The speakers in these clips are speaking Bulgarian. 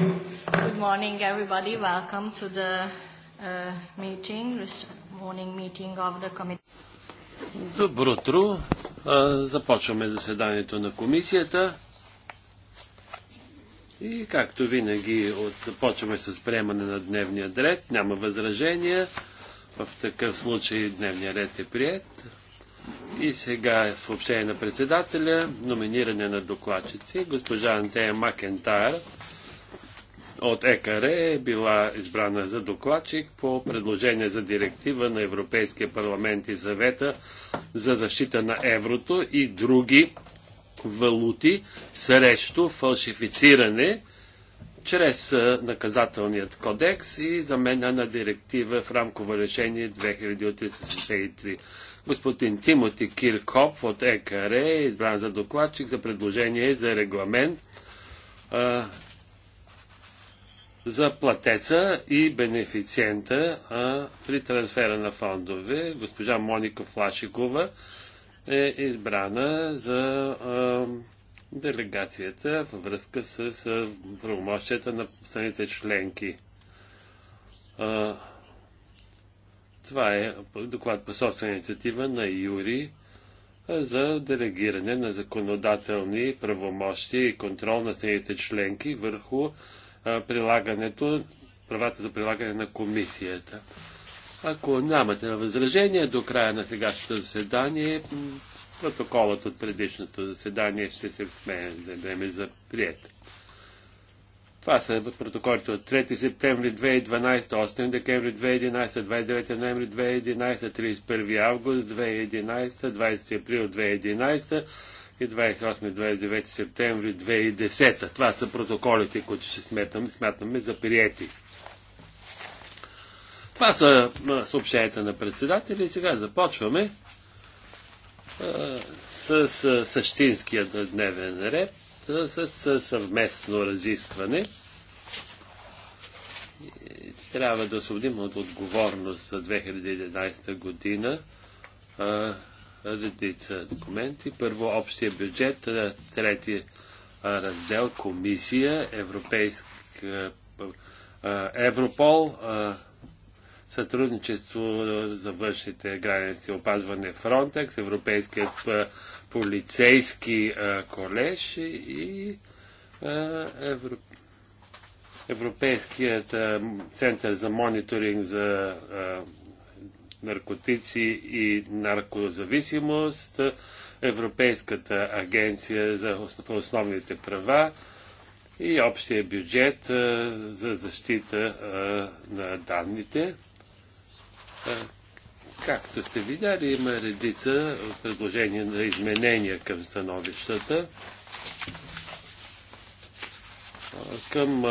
Good morning, everybody. Welcome to the uh, meeting, this morning meeting of the committee. Добро утро. Започваме заседанието на комисията. И както винаги от, започваме с приемане на дневния ред. Няма възражения. В такъв случай дневния ред е прият. И сега е съобщение на председателя, номиниране на докладчици. Госпожа Антея Макентар от ЕКР е била избрана за докладчик по предложение за директива на Европейския парламент и съвета за защита на еврото и други валути срещу фалшифициране чрез наказателният кодекс и замена на директива в рамково решение 2363. Господин Тимоти Киркоп от ЕКР е избран за докладчик за предложение за регламент за платеца и бенефициента а, при трансфера на фондове. Госпожа Моника Флашикова е избрана за а, делегацията във връзка с с правомощията на страните членки. А, това е доклад по собствена инициатива на Юри за делегиране на законодателни правомощи и контрол на страните членки върху прилагането, правата за прилагане на комисията. Ако нямате възражение до края на сегашното заседание, протоколът от предишното заседание ще се вземе за прият. Това са протоколите от 3 септември 2012, 8 декември 2011, 29 ноември 2011, 31 август 2011, 20 април 2011, и 28-29 септември 2010. Това са протоколите, които ще сметам, смятаме за приети. Това са съобщенията на председателя и сега започваме с, същинския същинският дневен ред, с, с съвместно разискване. Трябва да освободим от отговорност за 2011 година редица документи. Първо общия бюджет, трети раздел комисия, европейск, Европол, сътрудничество за външните граници, опазване Фронтекс, Европейският полицейски колеж и Европейският център за мониторинг за наркотици и наркозависимост, Европейската агенция за основните права и общия бюджет за защита на данните. Както сте видяли, има редица предложения на изменения към становищата. Към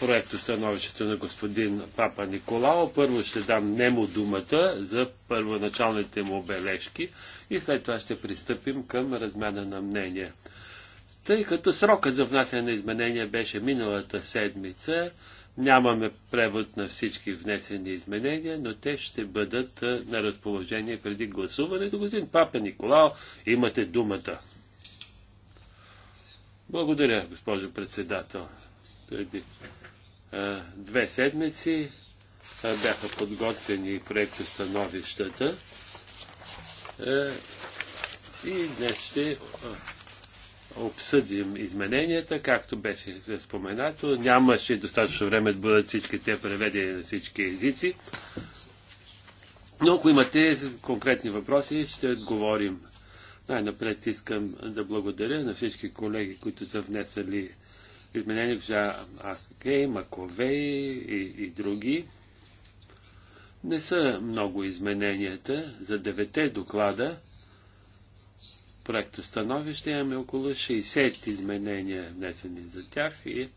проекто становището на господин Папа Николао. Първо ще дам нему думата за първоначалните му бележки и след това ще пристъпим към размяна на мнения. Тъй като срока за внасяне на изменения беше миналата седмица, нямаме превод на всички внесени изменения, но те ще бъдат на разположение преди гласуването. Господин Папа Николао, имате думата. Благодаря, госпожо председател преди две седмици бяха подготвени проекти становищата, и днес ще обсъдим измененията, както беше споменато. Нямаше достатъчно време да бъдат всички те преведени на всички езици. Но ако имате конкретни въпроси, ще отговорим. Най-напред искам да благодаря на всички колеги, които са внесали изменения за Ахкей, Маковей и, и други. Не са много измененията. За девете доклада становище имаме около 60 изменения внесени за тях и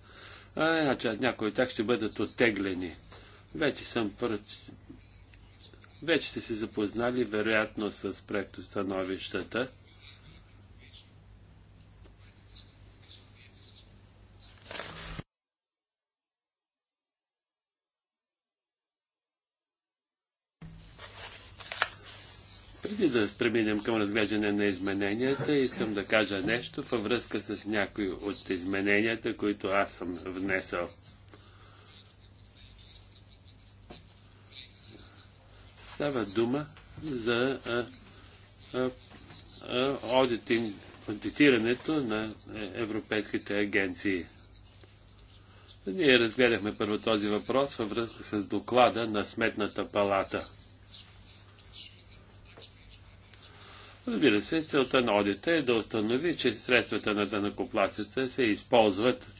а, значи, някои от тях ще бъдат оттеглени. Вече съм пръч... Вече сте се запознали вероятно с становищата. Преди да преминем към разглеждане на измененията, искам да кажа нещо във връзка с някои от измененията, които аз съм внесъл. Става дума за аудитинг, аудитирането на европейските агенции. Ние разгледахме първо този въпрос във връзка с доклада на Сметната палата – Разбира се, целта на одита е да установи, че средствата на данакоплаците се използват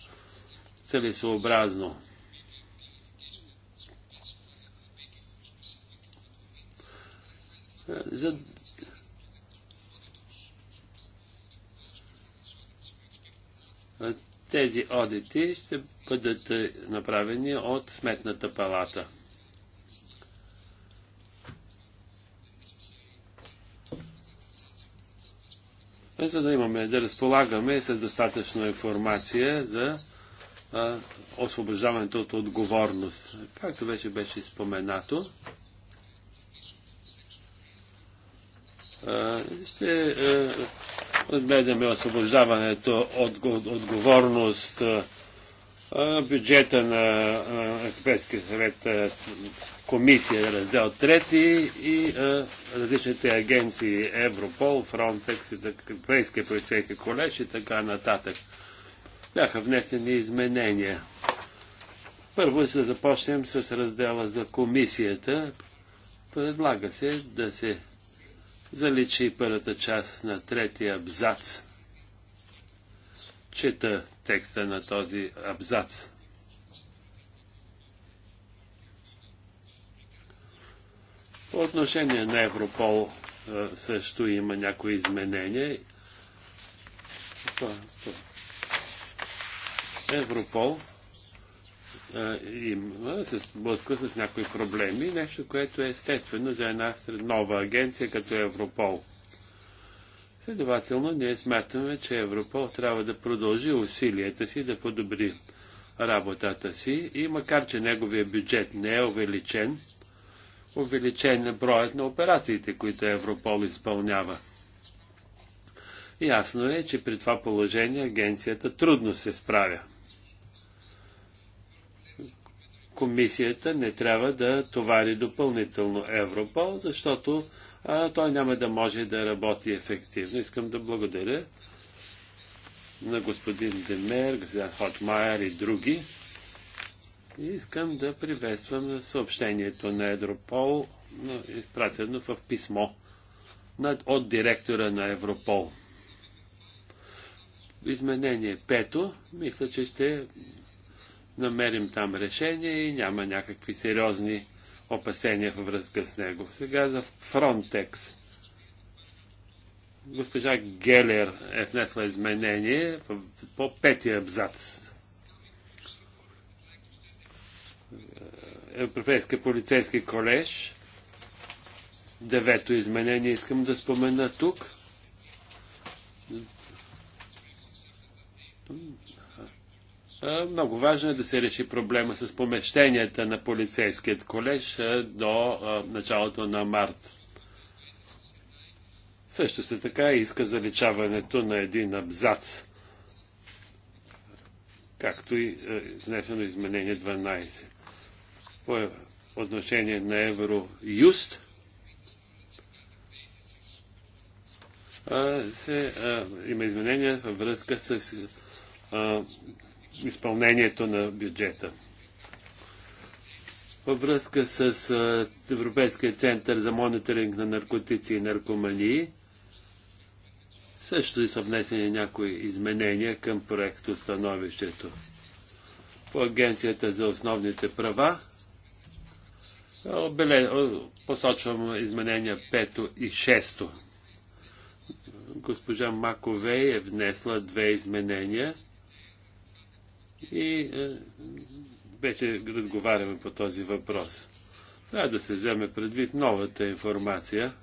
целесообразно. За... Тези одити ще бъдат е, направени от Сметната палата. Е, за да имаме, да разполагаме с достатъчно информация за а, освобождаването от отговорност. Както вече беше споменато, а, ще разгледаме освобождаването от отговорност бюджета на Европейския съвет комисия, раздел 3 и а, различните агенции Европол, Фронтекс, Европейския полицейски колеж и така нататък. Бяха внесени изменения. Първо ще започнем с раздела за комисията. Предлага се да се заличи първата част на третия абзац. Чета текста на този абзац. По отношение на Европол също има някои изменения. Европол има, се сблъска с някои проблеми, нещо, което е естествено за една нова агенция като Европол. Следователно, ние смятаме, че Европол трябва да продължи усилията си да подобри работата си и макар, че неговия бюджет не е увеличен, увеличен броят на операциите, които Европол изпълнява. Ясно е, че при това положение агенцията трудно се справя. Комисията не трябва да товари допълнително Европол, защото а, той няма да може да работи ефективно. Искам да благодаря на господин Демер, господин Хотмайер и други. И искам да приветствам съобщението на Европол, изпратено в писмо от директора на Европол. Изменение пето, мисля, че ще намерим там решение и няма някакви сериозни опасения във връзка с него. Сега за Фронтекс. Госпожа Гелер е внесла изменение по петия абзац Европейския полицейски колеж. Девето изменение искам да спомена тук. Много важно е да се реши проблема с помещенията на полицейският колеж до началото на март. Също се така иска заличаването на един абзац, както и е, внесено изменение 12 по отношение на Евроюст се, а, има изменения във връзка с а, изпълнението на бюджета. Във връзка с а, Европейския център за мониторинг на наркотици и наркомании, също и са внесени някои изменения към проекто становището. По Агенцията за основните права, Посочвам изменения 5 и 6. Госпожа Маковей е внесла две изменения и е, вече разговаряме по този въпрос. Трябва да се вземе предвид новата информация.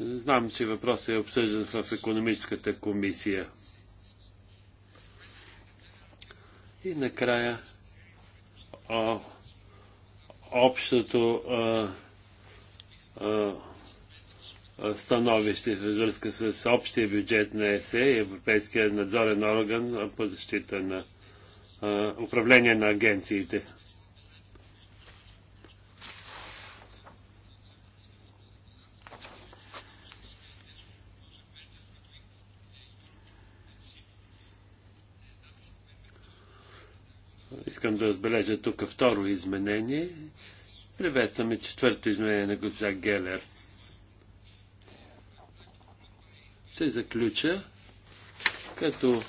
Знам, че въпросът е обсъждан в економическата комисия. И накрая а, общото а, а, становище във връзка с общия бюджет на ЕСЕ, Европейския надзорен орган по защита на а, управление на агенциите. Искам да отбележа тук второ изменение. Приветстваме четвърто изменение на госпожа Гелер. Ще заключа, като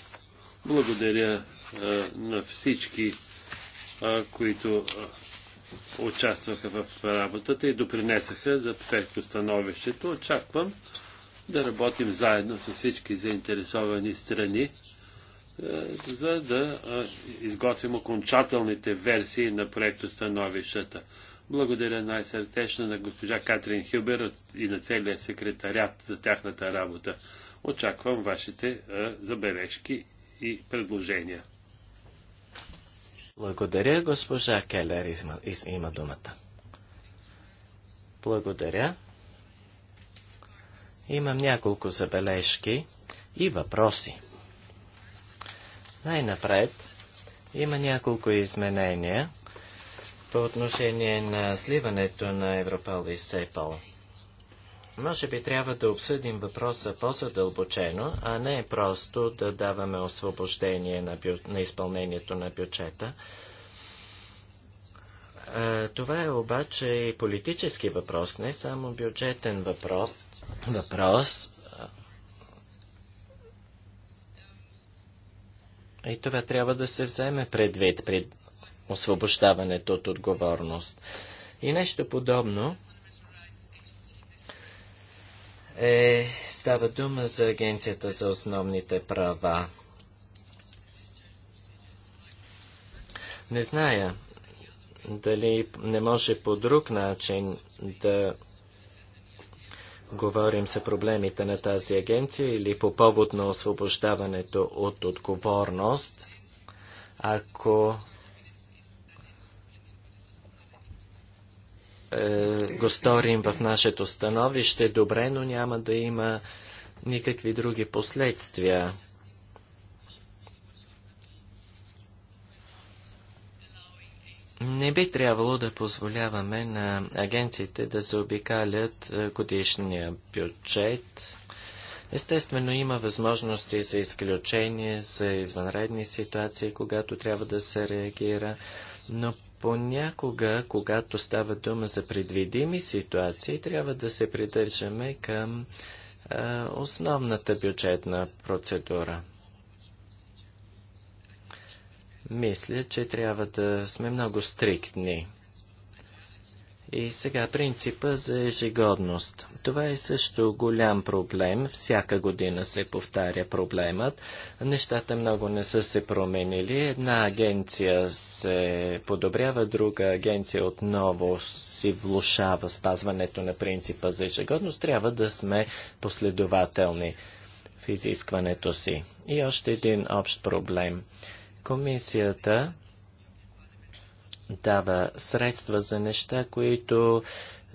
благодаря а, на всички, а, които а, участваха в работата и допринесаха за перфектно становището. Очаквам да работим заедно с всички заинтересовани страни е, за да е, изготвим окончателните версии на проекта становищата. Благодаря най-сърдечно на госпожа Катрин Хюбер и на целия секретарят за тяхната работа. Очаквам вашите е, забележки и предложения. Благодаря, госпожа Келер изма, из, има думата. Благодаря. Имам няколко забележки и въпроси. Най-напред има няколко изменения по отношение на сливането на Европол и СЕПОЛ. Може би трябва да обсъдим въпроса по-задълбочено, а не просто да даваме освобождение на, бю... на изпълнението на бюджета. Това е обаче и политически въпрос, не само бюджетен въпрос. въпрос. И е, това трябва да се вземе предвид при освобождаването от отговорност. И нещо подобно е, става дума за Агенцията за основните права. Не зная дали не може по друг начин да говорим за проблемите на тази агенция или по повод на освобождаването от отговорност, ако е, го сторим в нашето становище, добре, но няма да има никакви други последствия. Не би трябвало да позволяваме на агенциите да заобикалят е, годишния бюджет. Естествено, има възможности за изключение, за извънредни ситуации, когато трябва да се реагира, но понякога, когато става дума за предвидими ситуации, трябва да се придържаме към а, е, основната бюджетна процедура. Мисля, че трябва да сме много стриктни. И сега принципа за ежегодност. Това е също голям проблем. Всяка година се повтаря проблемът. Нещата много не са се променили. Една агенция се подобрява, друга агенция отново си влушава спазването на принципа за ежегодност. Трябва да сме последователни в изискването си. И още един общ проблем – Комисията дава средства за неща, които,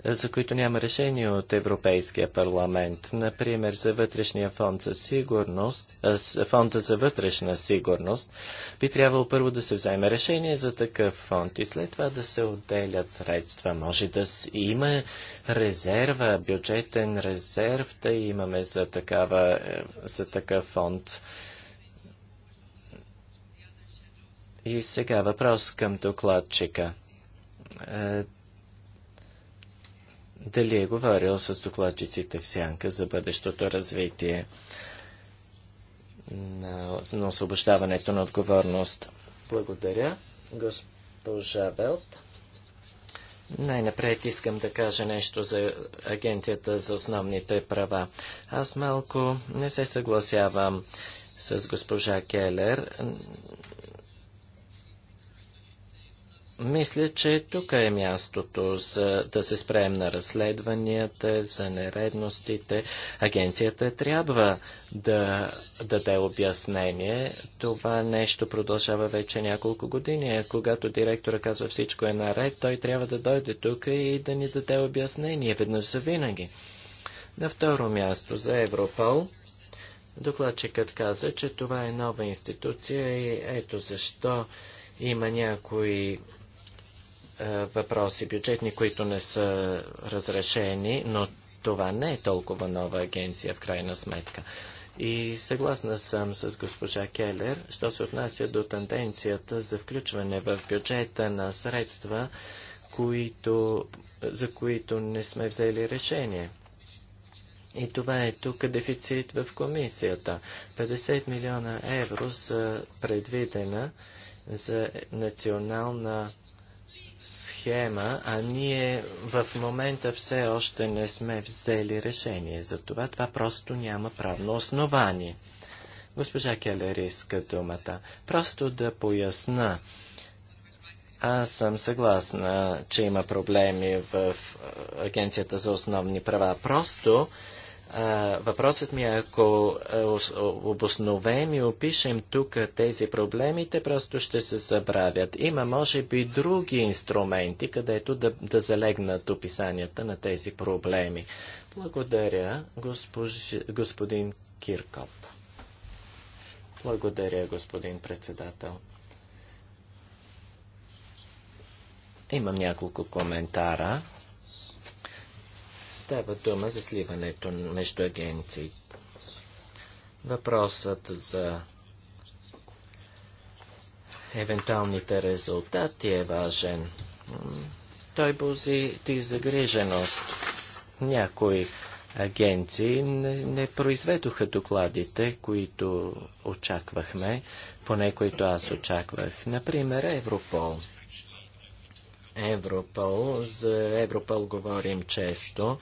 за които няма решение от Европейския парламент. Например, за вътрешния фонд за сигурност, фонда за вътрешна сигурност, би трябвало първо да се вземе решение за такъв фонд и след това да се отделят средства. Може да има резерва, бюджетен резерв да имаме за, такава, е, за такъв фонд. И сега въпрос към докладчика. Е, дали е говорил с докладчиците в Сянка за бъдещото развитие на, на освобождаването на отговорност? Благодаря, госпожа Белт. Най-напред искам да кажа нещо за Агенцията за основните права. Аз малко не се съгласявам с госпожа Келер. Мисля, че тук е мястото за да се спрем на разследванията, за нередностите. Агенцията трябва да, да даде обяснение. Това нещо продължава вече няколко години. Когато директора казва всичко е наред, той трябва да дойде тук и да ни даде обяснение веднъж за винаги. На второ място за Европол. Докладчикът каза, че това е нова институция и ето защо има някои е, въпроси бюджетни, които не са разрешени, но това не е толкова нова агенция в крайна сметка. И съгласна съм с госпожа Келер, що се отнася до тенденцията за включване в бюджета на средства, които, за които не сме взели решение. И това е тук дефицит в комисията. 50 милиона евро са предвидена за национална схема, а ние в момента все още не сме взели решение. За това това просто няма правно основание. Госпожа Келер иска думата. Просто да поясна. Аз съм съгласна, че има проблеми в Агенцията за основни права. Просто Въпросът ми е, ако е, обосновем и опишем тук тези проблеми, те просто ще се забравят. Има, може би, други инструменти, където да, да залегнат описанията на тези проблеми. Благодаря, госпож... господин Киркоп. Благодаря, господин председател. Имам няколко коментара. Става дума за сливането между агенции. Въпросът за евентуалните резултати е важен. Той бузи ти загриженост. Някои агенции не, не произведоха докладите, които очаквахме, поне които аз очаквах. Например, Европол. Европол. За Европол говорим често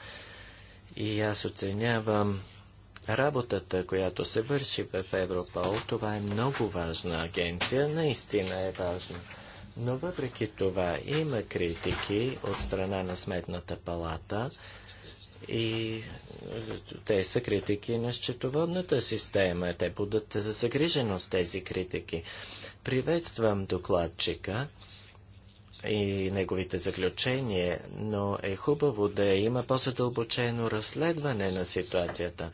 и аз оценявам работата, която се върши в Европол. Това е много важна агенция, наистина е важна. Но въпреки това има критики от страна на Сметната палата и те са критики на счетоводната система. Те будат загриженост тези критики. Приветствам докладчика и неговите заключения, но е хубаво да има по-задълбочено разследване на ситуацията.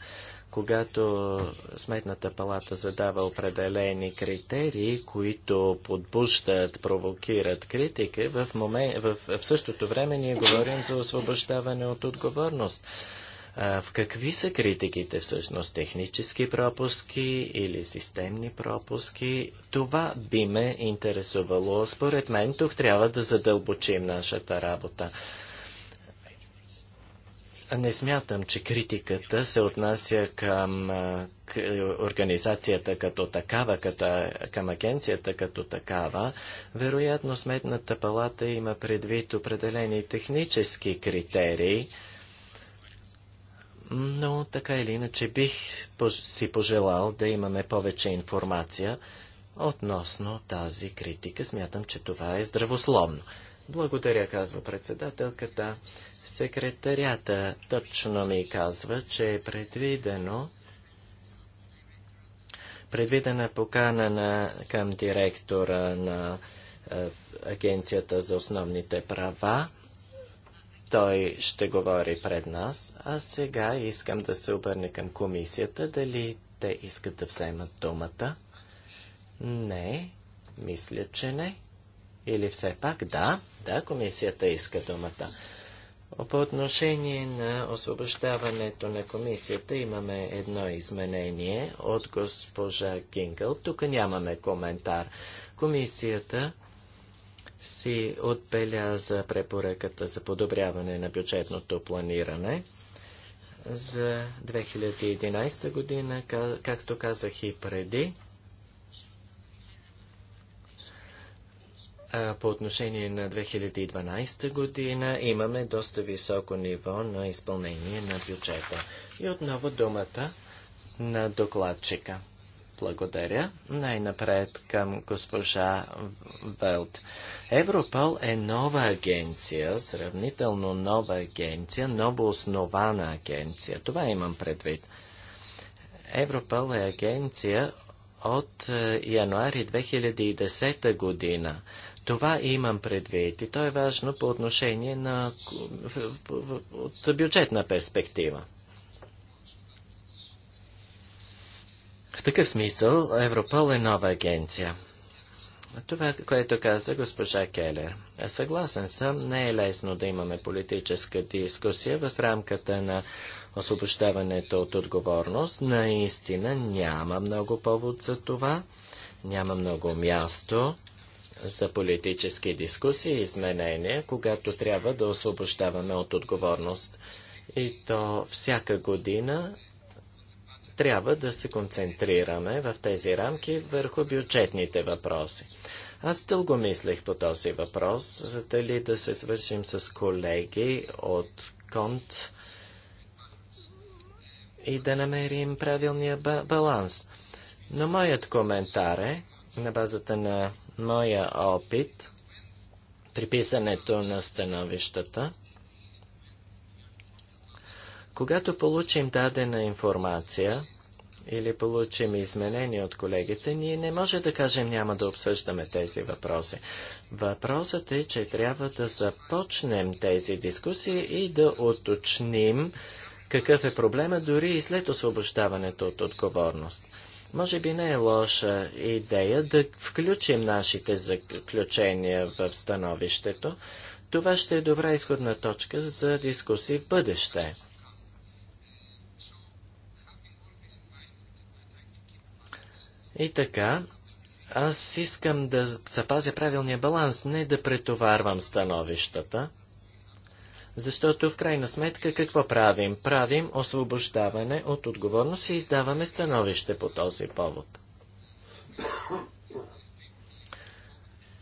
Когато Сметната палата задава определени критерии, които подбуждат, провокират критики, в, момент, в, в същото време ние говорим за освобождаване от отговорност. В какви са критиките всъщност? Технически пропуски или системни пропуски? Това би ме интересувало. Според мен тук трябва да задълбочим нашата работа. Не смятам, че критиката се отнася към организацията като такава, като, към агенцията като такава. Вероятно Сметната палата има предвид определени технически критерии, но така или иначе бих си пожелал да имаме повече информация относно тази критика. Смятам, че това е здравословно. Благодаря, казва председателката. Секретарята точно ми казва, че е предвидено предвидена покана на, към директора на е, Агенцията за основните права той ще говори пред нас, а сега искам да се обърне към комисията, дали те искат да вземат думата. Не, мисля, че не. Или все пак да, да, комисията иска думата. По отношение на освобождаването на комисията имаме едно изменение от госпожа Гингъл. Тук нямаме коментар. Комисията си отбеляза препоръката за подобряване на бюджетното планиране за 2011 година, както казах и преди. По отношение на 2012 година имаме доста високо ниво на изпълнение на бюджета. И отново думата на докладчика. Благодаря. Най-напред към госпожа Велт. Европол е нова агенция, сравнително нова агенция, ново основана агенция. Това имам предвид. Европол е агенция от е, януари 2010 година. Това имам предвид и то е важно по отношение на от бюджетна перспектива. В такъв смисъл Европол е нова агенция. Това, което каза госпожа Келер. Съгласен съм, не е лесно да имаме политическа дискусия в рамката на освобождаването от отговорност. Наистина няма много повод за това, няма много място за политически дискусии и изменения, когато трябва да освобождаваме от отговорност. И то всяка година трябва да се концентрираме в тези рамки върху бюджетните въпроси. Аз дълго мислех по този въпрос, за дали да се свършим с колеги от Конт и да намерим правилния баланс. Но моят коментар е, на базата на моя опит, при писането на становищата, когато получим дадена информация, или получим изменения от колегите, ние не може да кажем няма да обсъждаме тези въпроси. Въпросът е, че трябва да започнем тези дискусии и да уточним какъв е проблема дори и след освобождаването от отговорност. Може би не е лоша идея да включим нашите заключения в становището. Това ще е добра изходна точка за дискусии в бъдеще. И така, аз искам да запазя правилния баланс, не да претоварвам становищата. Защото в крайна сметка какво правим? Правим освобождаване от отговорност и издаваме становище по този повод.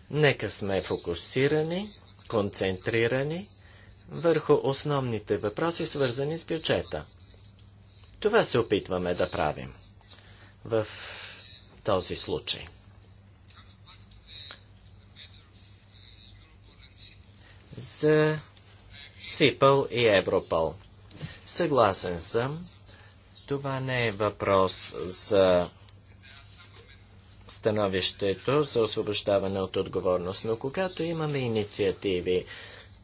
Нека сме фокусирани, концентрирани върху основните въпроси, свързани с бюджета. Това се опитваме да правим. В този случай. За Сипъл и Европол. Съгласен съм. Това не е въпрос за становището за освобождаване от отговорност, но когато имаме инициативи,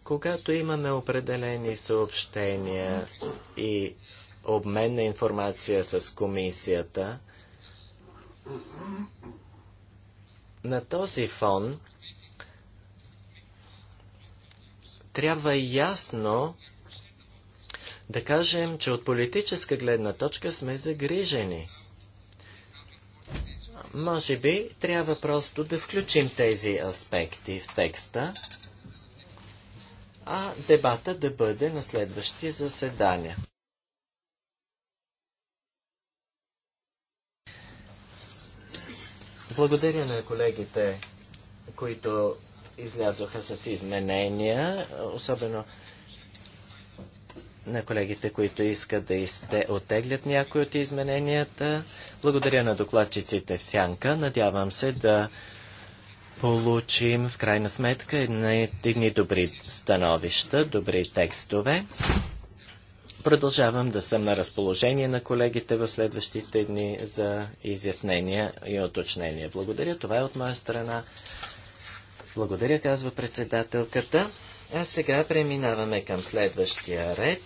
когато имаме определени съобщения и обмен на информация с комисията, на този фон трябва ясно да кажем, че от политическа гледна точка сме загрижени. Може би трябва просто да включим тези аспекти в текста, а дебата да бъде на следващи заседания. Благодаря на колегите, които излязоха с изменения, особено на колегите, които искат да изте, оттеглят някои от измененията. Благодаря на докладчиците в Сянка. Надявам се да получим в крайна сметка едни, едни добри становища, добри текстове. Продължавам да съм на разположение на колегите в следващите дни за изяснения и оточнения. Благодаря, това е от моя страна. Благодаря, казва председателката. А сега преминаваме към следващия ред,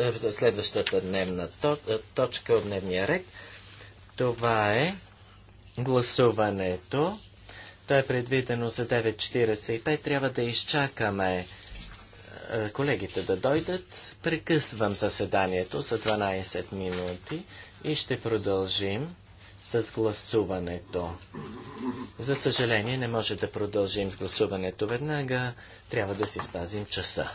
е, следващата дневна е, точка от дневния ред. Това е гласуването. То е предвидено за 9.45. Трябва да изчакаме е, колегите да дойдат Прекъсвам заседанието за 12 минути и ще продължим с гласуването. За съжаление, не може да продължим с гласуването веднага. Трябва да си спазим часа.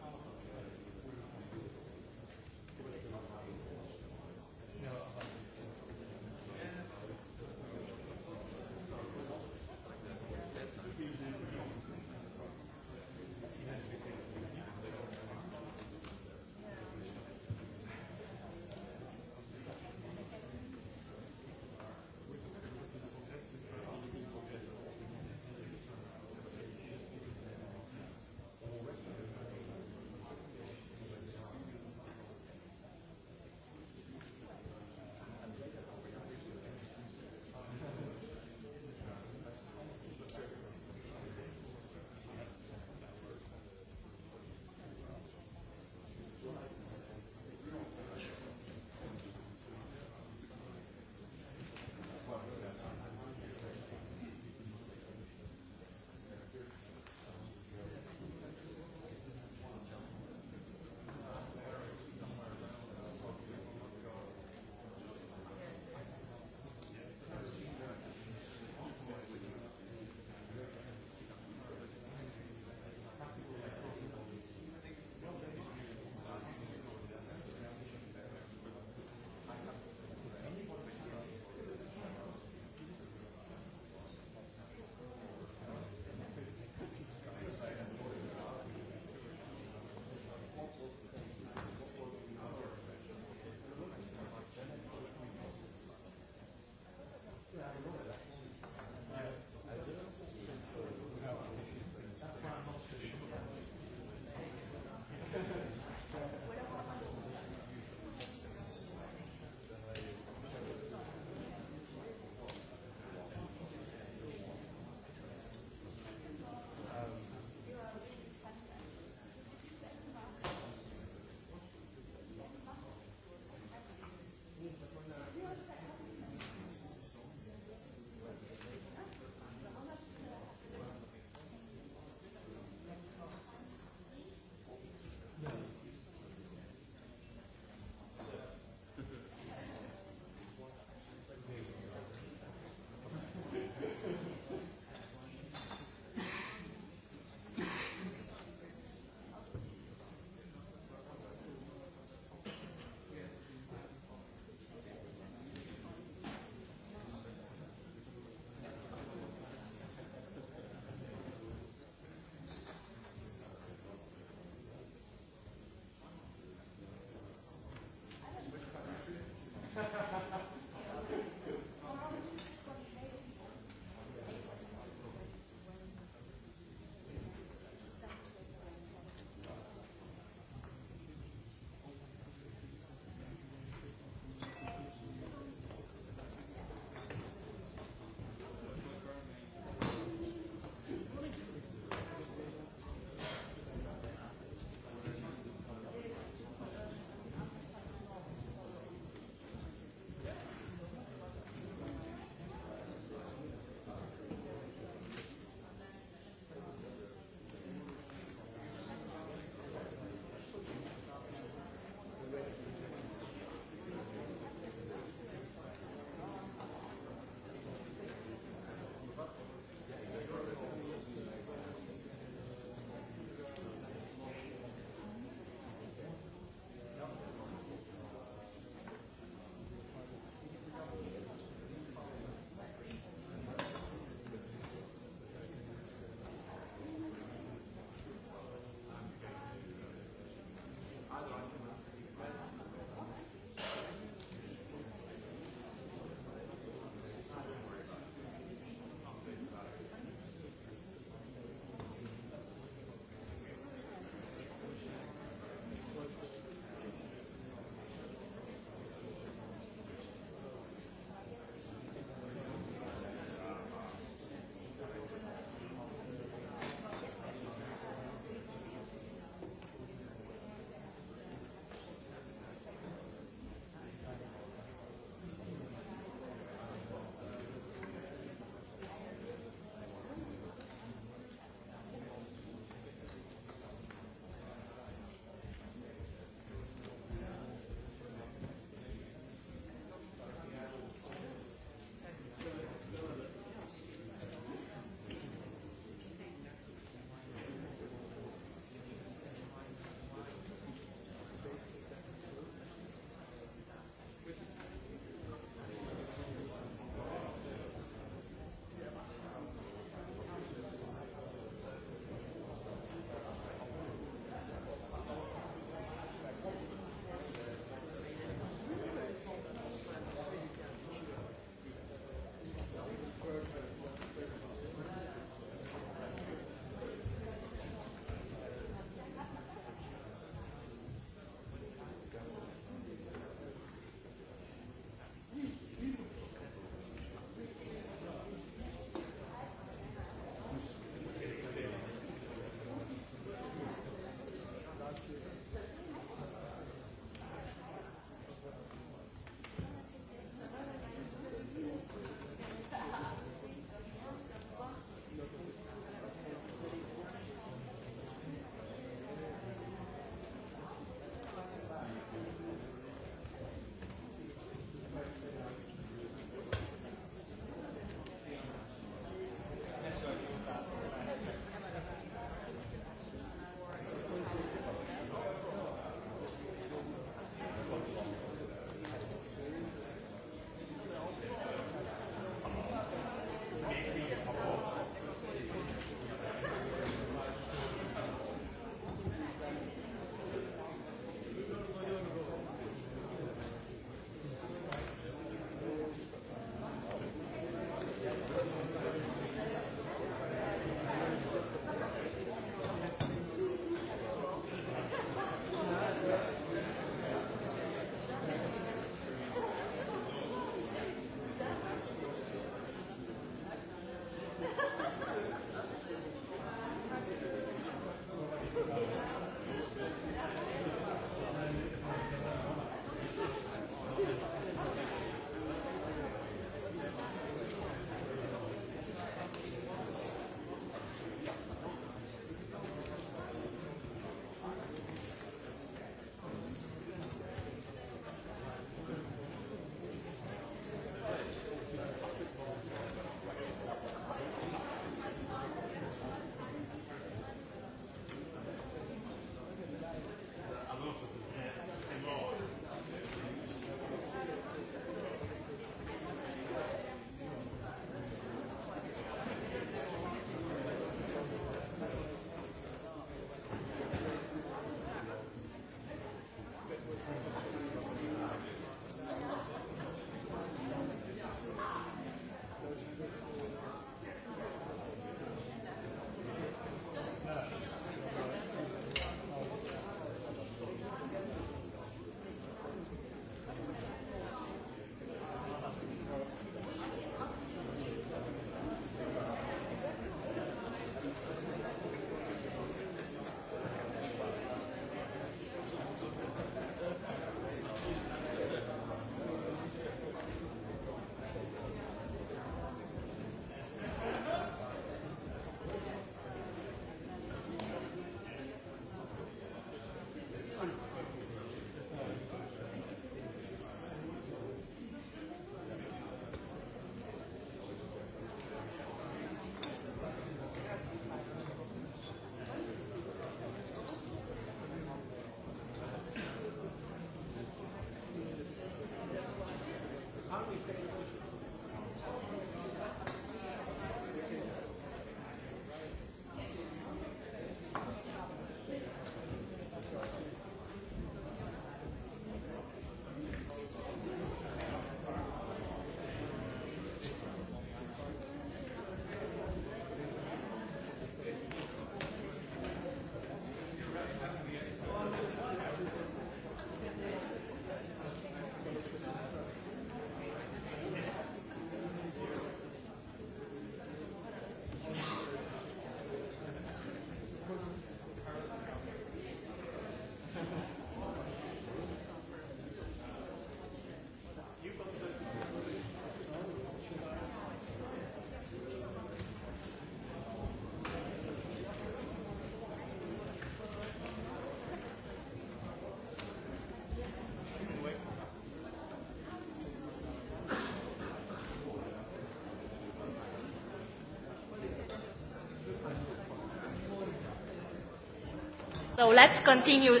So let's continue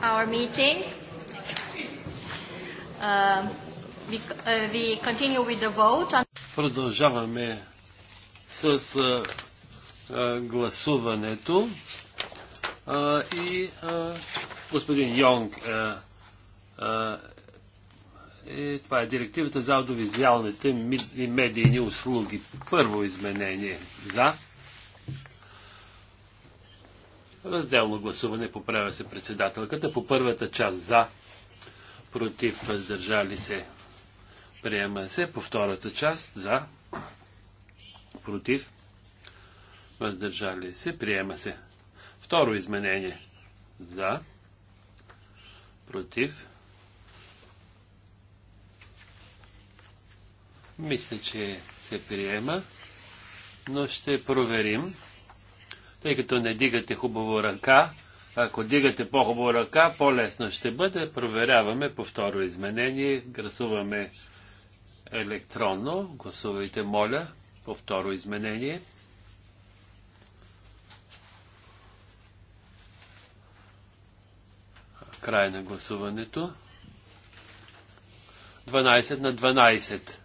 our meeting. Uh, we, uh, we continue with the vote. On... Продължаваме с uh, гласуването uh, и uh, господин Йонг uh, uh, е, това е директивата за аудиовизуалните и медийни услуги. Първо изменение. За. Разделно гласуване поправя се председателката. По първата част за, против, въздържали се, приема се. По втората част за, против, въздържали се, приема се. Второ изменение. За, против. Мисля, че се приема, но ще проверим тъй като не дигате хубаво ръка, ако дигате по-хубаво ръка, по-лесно ще бъде. Проверяваме по второ изменение. Гласуваме електронно. Гласувайте, моля, по второ изменение. Край на гласуването. 12 на 12.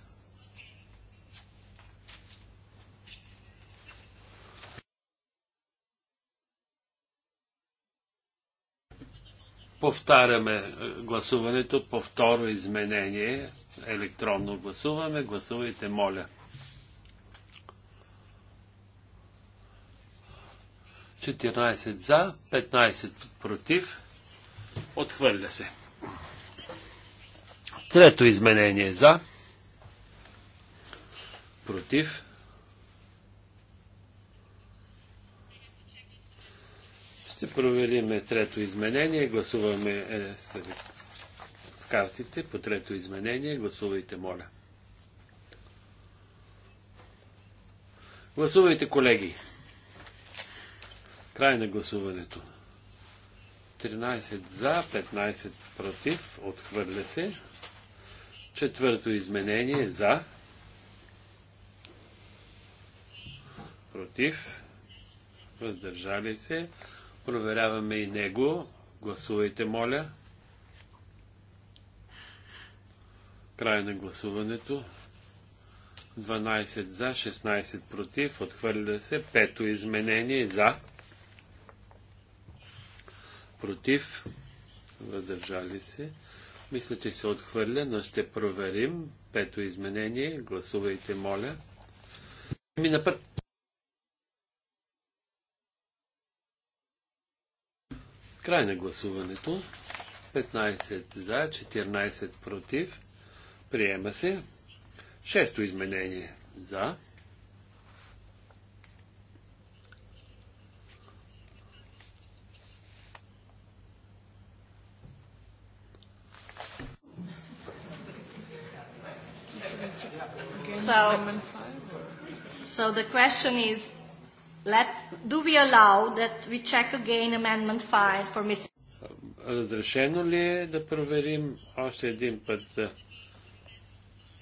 Повтаряме е, гласуването по второ изменение. Електронно гласуваме. Гласувайте, моля. Четиринадесет за, 15 против. Отхвърля се. Трето изменение за. Против. Ще провериме трето изменение. Гласуваме е, с, с картите по трето изменение. Гласувайте, моля. Гласувайте, колеги. Край на гласуването. 13 за, 15 против, отхвърля се. Четвърто изменение за, против, въздържали се. Проверяваме и него. Гласувайте, моля. Край на гласуването. 12 за, 16 против. Отхвърля се. Пето изменение за. Против. Въздържали се. Мисля, че се отхвърля, но ще проверим. Пето изменение. Гласувайте, моля. Ми на път Край на гласуването. 15 за, 14 против. Приема се. Шесто изменение за. So, so the question is Let, do we allow that we check again amendment 5 for Ms. Разрешено ли е да проверим още един път е,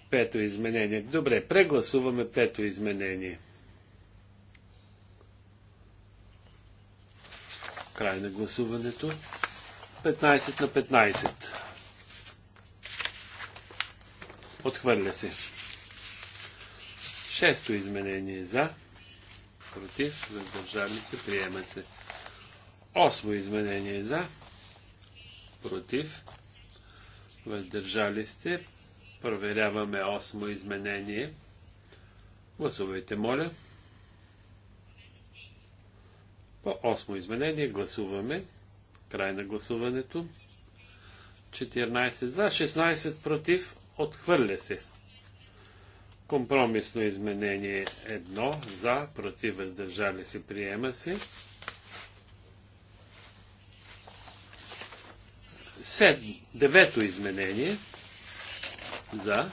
пето изменение? Добре, прегласуваме пето изменение. Край на гласуването. 15 на 15. Отхвърля се. Шесто изменение за против, въздържали се, приема се. Осмо изменение за, против, въздържали се. Проверяваме осмо изменение. Гласувайте, моля. По осмо изменение гласуваме. Край на гласуването. 14 за, 16 против, отхвърля се. Компромисно изменение едно. за, против, въздържали се, приема се. Сед... девето изменение за.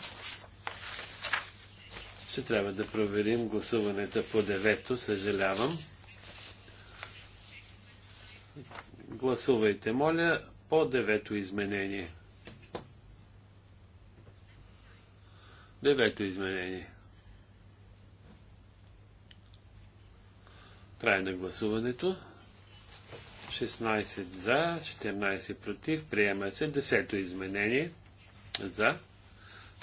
Ще трябва да проверим гласуването по девето, съжалявам. Гласувайте, моля, по девето изменение. Девето изменение. Край на гласуването. 16 за, 14 против. Приема се. Десето изменение. За.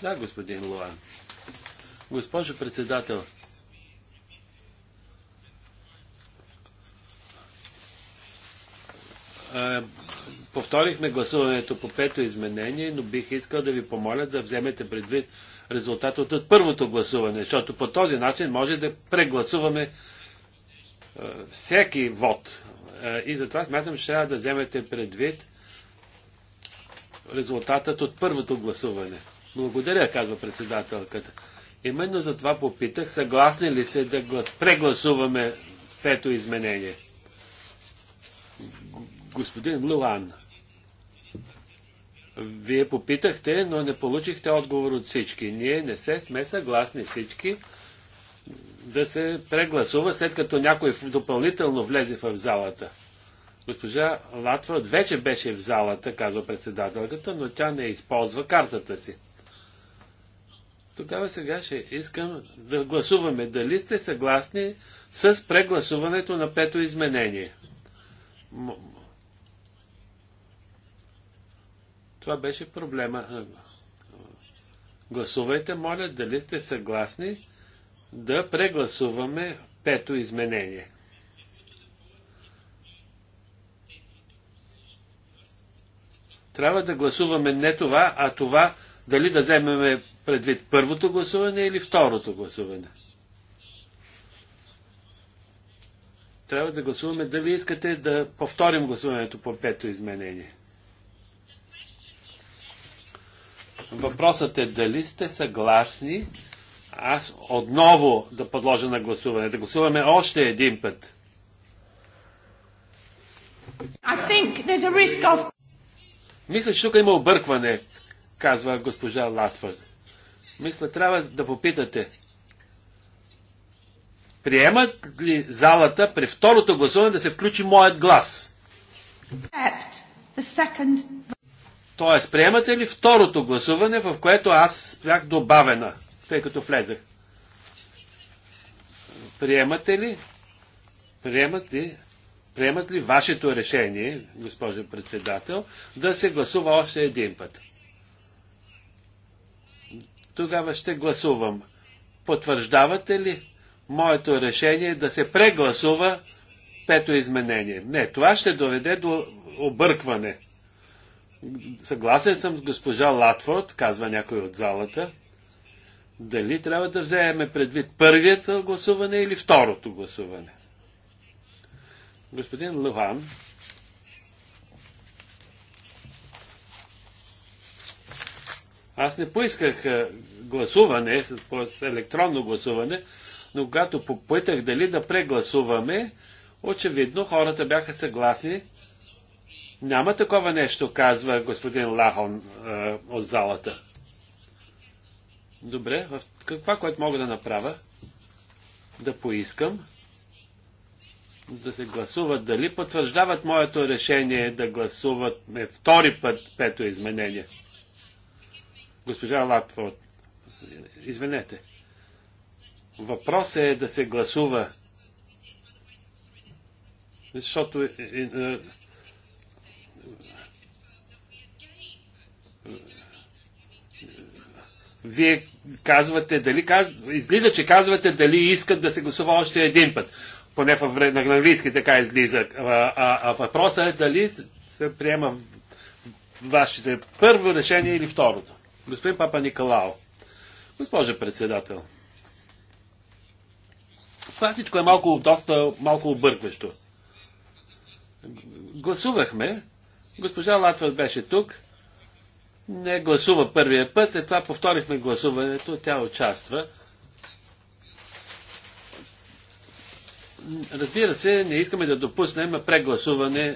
Да, господин Луан. Госпожо председател, повторихме гласуването по пето изменение, но бих искал да ви помоля да вземете предвид резултатът от първото гласуване, защото по този начин може да прегласуваме е, всеки вод. Е, и затова смятам, че трябва да вземете предвид резултатът от първото гласуване. Благодаря, казва председателката. Именно за това попитах, съгласни ли сте да глас... прегласуваме пето изменение? Господин Луан. Вие попитахте, но не получихте отговор от всички. Ние не се сме съгласни всички да се прегласува, след като някой допълнително влезе в залата. Госпожа Латвард вече беше в залата, казва председателката, но тя не използва картата си. Тогава сега ще искам да гласуваме дали сте съгласни с прегласуването на пето изменение. Това беше проблема. Гласувайте, моля, дали сте съгласни да прегласуваме пето изменение. Трябва да гласуваме не това, а това дали да вземем предвид първото гласуване или второто гласуване. Трябва да гласуваме дали искате да повторим гласуването по пето изменение. Въпросът е дали сте съгласни аз отново да подложа на гласуване. Да гласуваме още един път. Of... Мисля, че тук има объркване, казва госпожа Латвър. Мисля, трябва да попитате. Приемат ли залата при второто гласуване да се включи моят глас? Тоест, приемате ли второто гласуване, в което аз бях добавена, тъй като влезах? Приемате ли? Приемат ли? Приемат ли вашето решение, госпожо председател, да се гласува още един път? Тогава ще гласувам. Потвърждавате ли моето решение да се прегласува пето изменение? Не, това ще доведе до объркване. Съгласен съм с госпожа Латфорд, казва някой от залата. Дали трябва да вземем предвид първият гласуване или второто гласуване? Господин Лухан, Аз не поисках гласуване, електронно гласуване, но когато попитах дали да прегласуваме, очевидно хората бяха съгласни няма такова нещо, казва господин Лахон е, от залата. Добре, в каква, което мога да направя? Да поискам да се гласуват, дали потвърждават моето решение да гласуват ме втори път пето изменение. Госпожа Латфорд, извинете. Въпросът е да се гласува, защото е, е, Вие казвате дали, излиза, че казвате дали искат да се гласува още един път. Поне в, на английски така излиза. А, а, а въпросът е дали се приема вашите първо решение или второто. Господин Папа Николао, госпожа председател, това всичко е малко, доста, малко объркващо. Гласувахме, госпожа Латвард беше тук, не гласува първия път, след това повторихме гласуването, тя участва. Разбира се, не искаме да допуснем прегласуване е,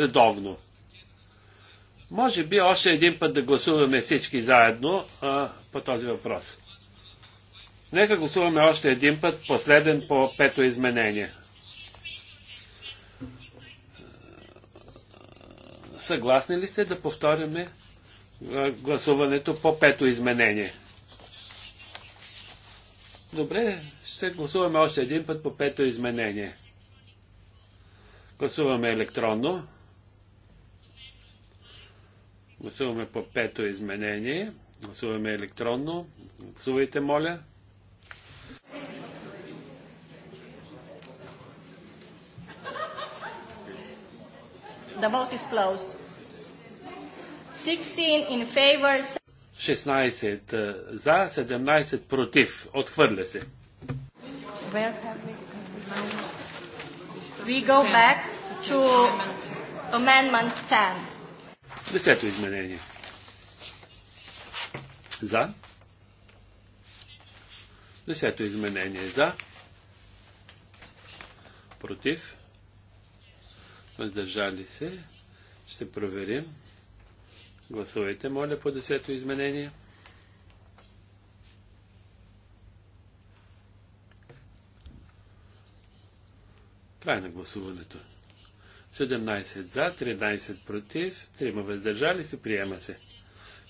редовно. Може би още един път да гласуваме всички заедно а, по този въпрос. Нека гласуваме още един път, последен по пето изменение. Съгласни ли сте да повторяме гласуването по пето изменение. Добре, ще гласуваме още един път по пето изменение. Гласуваме електронно. Гласуваме по пето изменение. Гласуваме електронно. Гласувайте, моля. The vote is closed. 16 е, за, 17 против. Отхвърля се. We go back to amendment 10. Десето изменение. За. Десето изменение за. Против. Въздържали се. Ще проверим. Гласувайте, моля, по десето изменение. Край на гласуването. 17 за, 13 против, 3 въздържали се, приема се.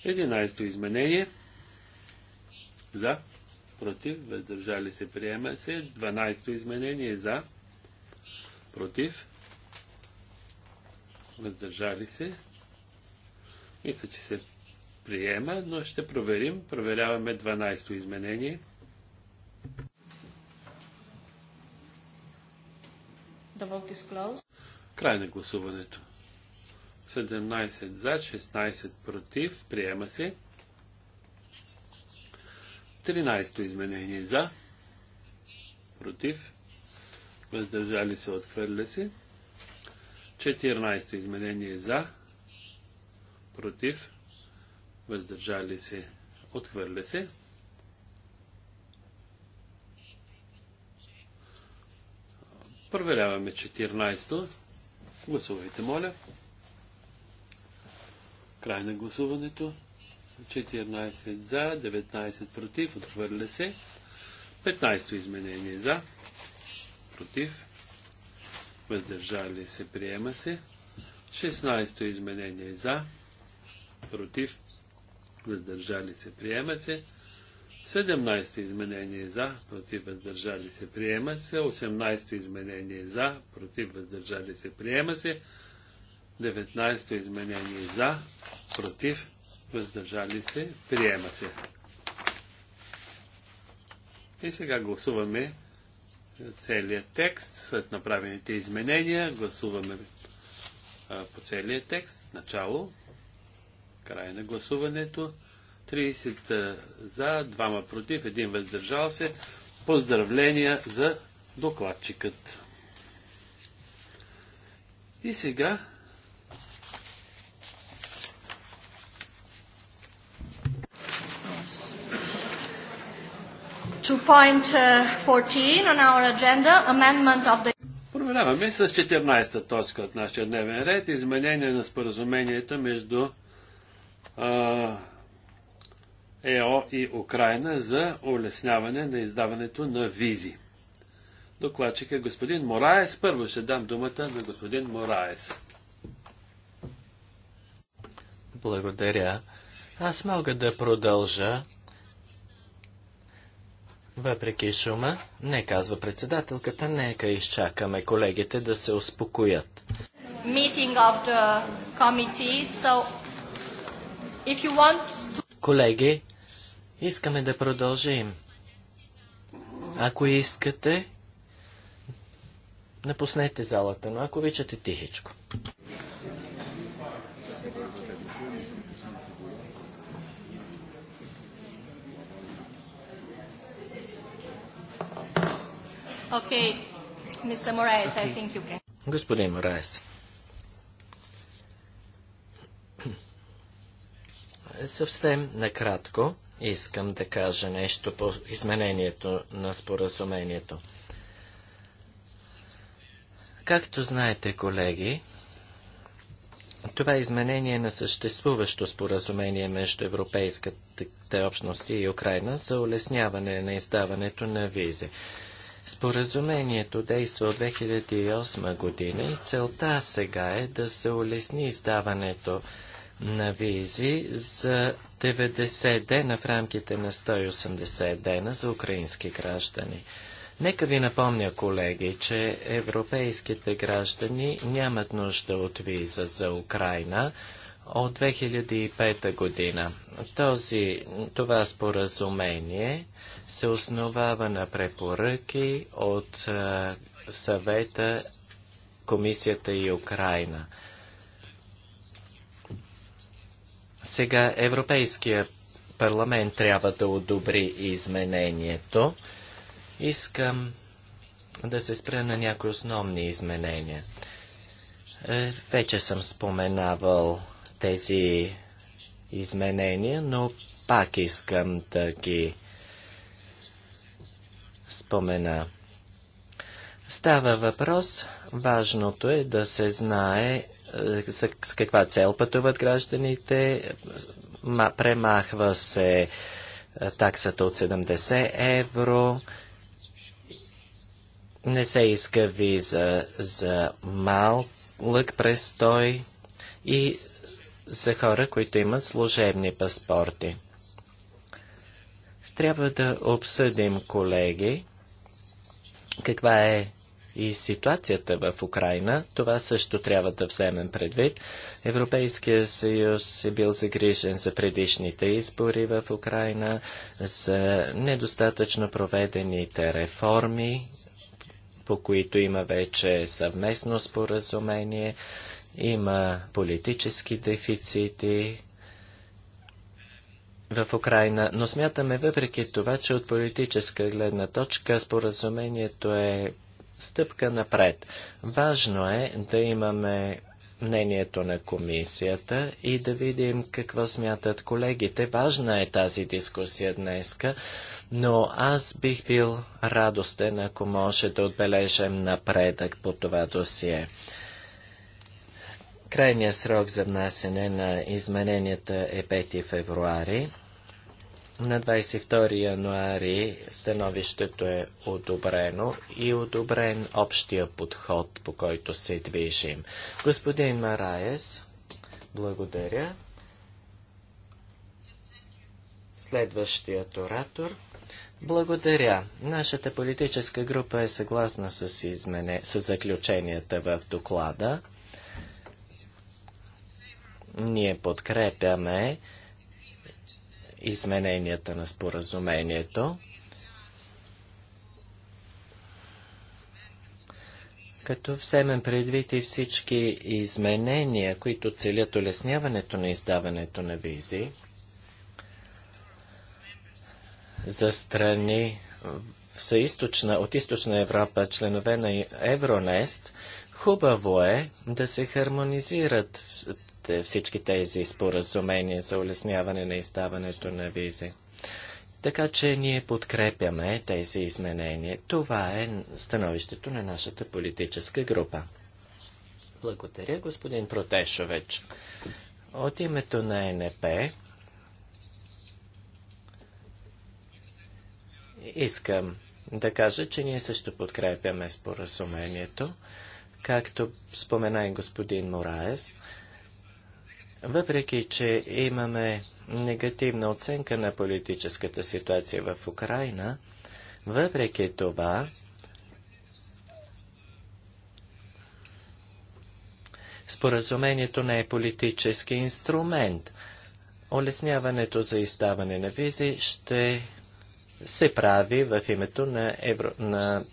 11-то изменение. За, против, въздържали се, приема се. 12-то изменение за, против, въздържали се, мисля, че се приема, но ще проверим. Проверяваме 12-то изменение. Край на гласуването. 17 за, 16 против. Приема се. 13-то изменение за. Против. Въздържали се, отхвърля се. 14-то изменение за против, въздържали се, отхвърля се. Проверяваме 14-то. Гласувайте, моля. Край на гласуването. 14 за, 19 против, отхвърля се. 15-то изменение за, против, въздържали се, приема се. 16-то изменение за, против, въздържали се, приема се. 17-то изменение за, против, въздържали се, приема се. 18-то изменение за, против, въздържали се, приема се. 19-то изменение за, против, въздържали се, приема се. И сега гласуваме целият текст след направените изменения. Гласуваме по целият текст. Начало. Край на гласуването. 30 за, 2 против, 1 въздържал се. Поздравления за докладчикът. И сега to point 14 uh, on our agenda, amendment of the Проверяваме с 14-та точка от нашия дневен ред изменение на споразумението между ЕО и Украина за улесняване на издаването на визи. Докладчик е господин Мораес. Първо ще дам думата на господин Мораес. Благодаря. Аз мога да продължа. Въпреки шума, не казва председателката, нека изчакаме колегите да се успокоят. Meeting of the committee, so to... Колеги, искаме да продължим. Ако искате, напуснете залата, но ако обичате тихичко. Okay. Mr. Moraes, okay. I think you can. Господин Мораес, Съвсем накратко искам да кажа нещо по изменението на споразумението. Както знаете, колеги, това е изменение на съществуващо споразумение между Европейските общности и Украина за улесняване на издаването на визи. Споразумението действа от 2008 година и целта сега е да се улесни издаването на на визи за 90 дена в рамките на 180 дена за украински граждани. Нека ви напомня, колеги, че европейските граждани нямат нужда от виза за Украина от 2005 година. Този, това споразумение се основава на препоръки от съвета Комисията и Украина. Сега Европейския парламент трябва да одобри изменението. Искам да се спра на някои основни изменения. Е, вече съм споменавал тези изменения, но пак искам да ги спомена. Става въпрос, важното е да се знае с каква цел пътуват гражданите. Премахва се е, таксата от 70 евро. Не се иска виза за малък престой и за хора, които имат служебни паспорти. Трябва да обсъдим, колеги, каква е и ситуацията в Украина. Това също трябва да вземем предвид. Европейския съюз е бил загрижен за предишните избори в Украина, за недостатъчно проведените реформи, по които има вече съвместно споразумение, има политически дефицити, в Украина, но смятаме въпреки това, че от политическа гледна точка споразумението е стъпка напред. Важно е да имаме мнението на комисията и да видим какво смятат колегите. Важна е тази дискусия днеска, но аз бих бил радостен, ако може да отбележим напредък по това досие. Крайният срок за внасене на измененията е 5 февруари. На 22 януари становището е одобрено и одобрен общия подход, по който се движим. Господин Мараес, благодаря. Следващият оратор. Благодаря. Нашата политическа група е съгласна с, измене, с заключенията в доклада. Ние подкрепяме измененията на споразумението. Като вземем предвид и всички изменения, които целят улесняването на издаването на визи за страни източна, от източна Европа, членове на Евронест, хубаво е да се хармонизират всички тези споразумения за улесняване на издаването на визи. Така че ние подкрепяме тези изменения. Това е становището на нашата политическа група. Благодаря, господин Протешович. От името на НП искам да кажа, че ние също подкрепяме споразумението. Както спомена и господин Мораес, въпреки, че имаме негативна оценка на политическата ситуация в Украина, въпреки това, споразумението не е политически инструмент. Олесняването за издаване на визи ще се прави в името на, евро... на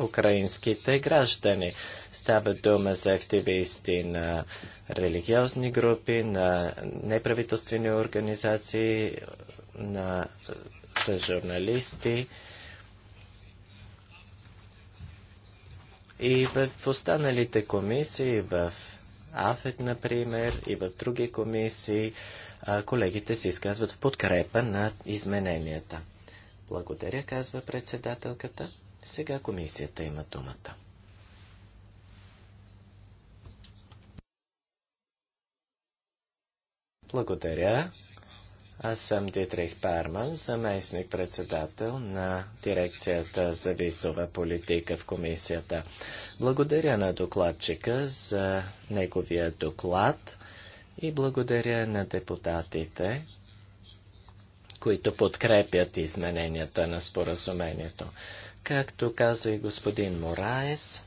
украинските граждани. Става дума за активисти на религиозни групи, на неправителствени организации, на, с журналисти. И в останалите комисии, в АФЕД, например, и в други комисии, колегите се изказват в подкрепа на измененията. Благодаря, казва председателката. Сега комисията има думата. Благодаря. Аз съм Дитрих Парман, заместник-председател на дирекцията за висова политика в комисията. Благодаря на докладчика за неговия доклад и благодаря на депутатите, които подкрепят измененията на споразумението. Както каза и господин Мораес,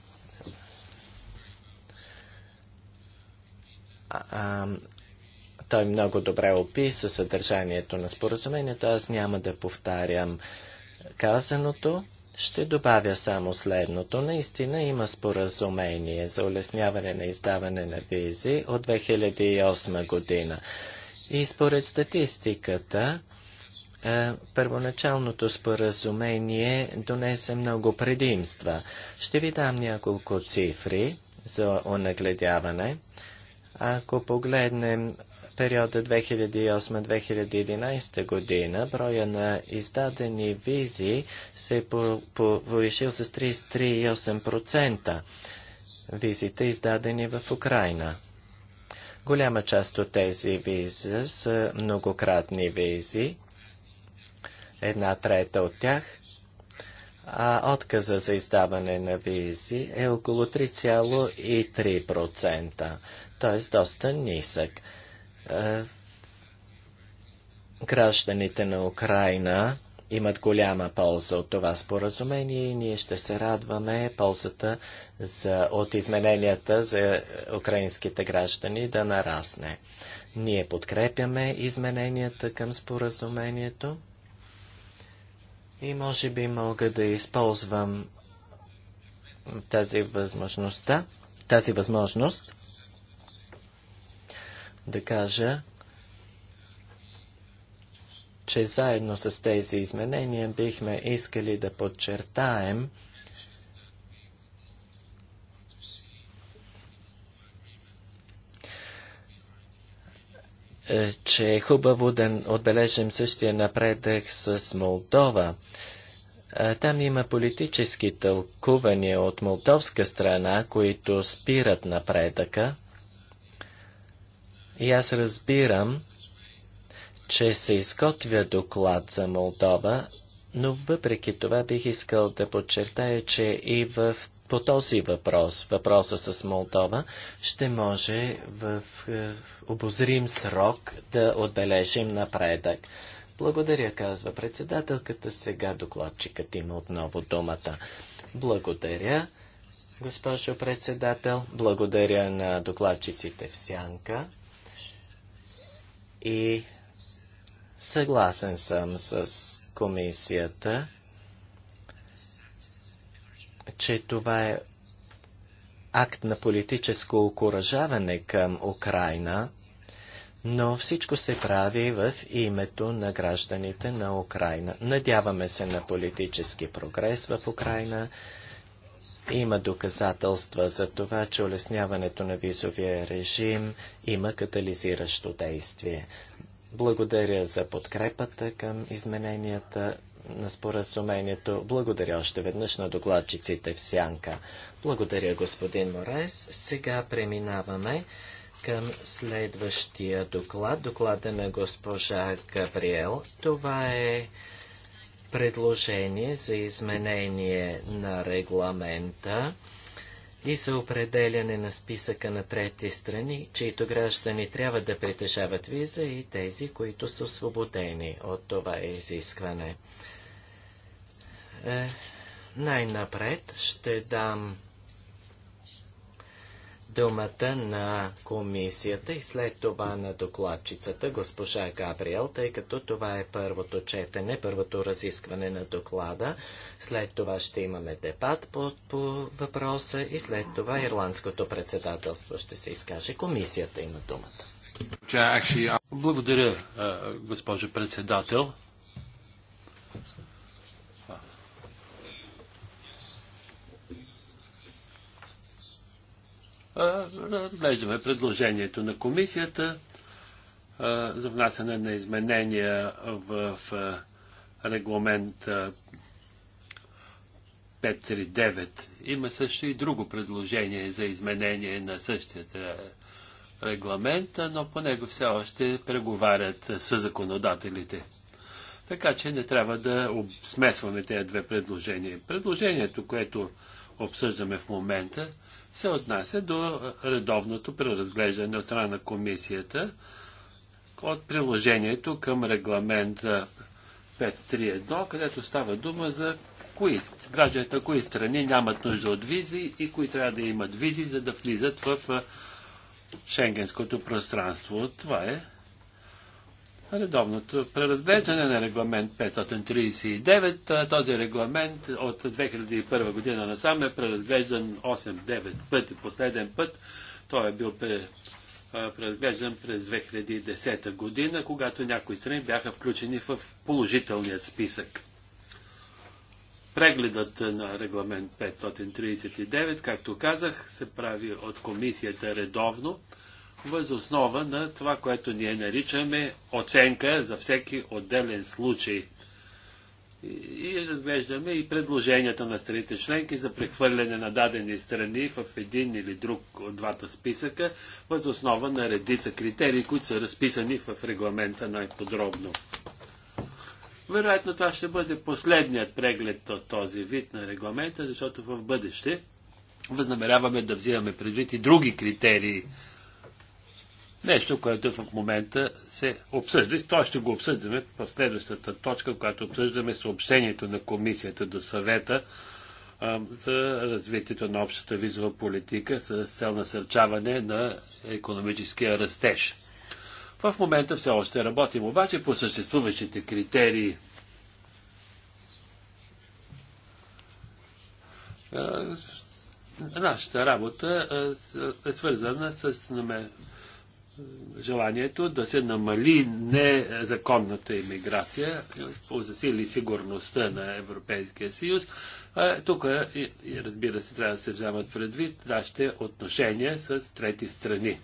а, а, той много добре описа съдържанието на споразумението. Аз няма да повтарям казаното. Ще добавя само следното. Наистина има споразумение за улесняване на издаване на визи от 2008 година. И според статистиката, е, първоначалното споразумение донесе много предимства. Ще ви дам няколко цифри за онагледяване. Ако погледнем периода 2008-2011 година броя на издадени визи се е повишил с 33,8%. Визите издадени в Украина. Голяма част от тези визи са многократни визи. Една трета от тях а отказа за издаване на визи е около 3,3%, т.е. доста нисък гражданите на Украина имат голяма полза от това споразумение и ние ще се радваме ползата за, от измененията за украинските граждани да нарасне. Ние подкрепяме измененията към споразумението и може би мога да използвам тази възможността, тази възможност да кажа, че заедно с тези изменения бихме искали да подчертаем, е, че е хубаво да отбележим същия напредък с Молдова. Е, там има политически тълкувания от молдовска страна, които спират напредъка. И аз разбирам, че се изготвя доклад за Молдова, но въпреки това бих искал да подчертая, че и в, по този въпрос, въпроса с Молдова, ще може в е, обозрим срок да отбележим напредък. Благодаря, казва председателката. Сега докладчикът има отново думата. Благодаря, госпожо председател. Благодаря на докладчиците в Сянка и съгласен съм с комисията, че това е акт на политическо окоръжаване към Украина, но всичко се прави в името на гражданите на Украина. Надяваме се на политически прогрес в Украина. Има доказателства за това, че улесняването на визовия режим има катализиращо действие. Благодаря за подкрепата към измененията на споразумението. Благодаря още веднъж на докладчиците в Сянка. Благодаря, господин Морес. Сега преминаваме към следващия доклад, доклада на госпожа Габриел. Това е предложение за изменение на регламента и за определяне на списъка на трети страни, чието граждани трябва да притежават виза и тези, които са освободени от това изискване. Е, най-напред ще дам думата на комисията и след това на докладчицата, госпожа Габриел, тъй като това е първото четене, първото разискване на доклада. След това ще имаме дебат по, по въпроса и след това ирландското председателство ще се изкаже. Комисията има думата. Uh, Благодаря, uh, госпожо председател. разглеждаме предложението на комисията за внасяне на изменения в регламент 539. Има също и друго предложение за изменение на същия регламент, но по него все още преговарят с законодателите. Така че не трябва да смесваме тези две предложения. Предложението, което обсъждаме в момента, се отнася до редовното преразглеждане от страна на комисията от приложението към регламент 531, където става дума за кои, гражданите на кои страни нямат нужда от визи и кои трябва да имат визи, за да влизат в шенгенското пространство. Това е редовното преразглеждане на регламент 539. Този регламент от 2001 година насам е преразглеждан 8-9 пъти, последен път. Той е бил преразглеждан през 2010 година, когато някои страни бяха включени в положителният списък. Прегледът на регламент 539, както казах, се прави от комисията редовно възоснова на това, което ние наричаме оценка за всеки отделен случай. И разглеждаме и предложенията на страните членки за прехвърляне на дадени страни в един или друг от двата списъка, възоснова на редица критерии, които са разписани в регламента най-подробно. Вероятно това ще бъде последният преглед от този вид на регламента, защото в бъдеще възнамеряваме да взимаме предвид и други критерии Нещо, което в момента се обсъжда. То ще го обсъждаме в следващата точка, която обсъждаме съобщението на комисията до съвета а, за развитието на общата визова политика с цел насърчаване на економическия растеж. В момента все още работим обаче по съществуващите критерии. А, нашата работа е свързана с намерението желанието да се намали незаконната иммиграция, засили сигурността на Европейския съюз. Тук, е, разбира се, трябва да се вземат предвид нашите отношения с трети страни.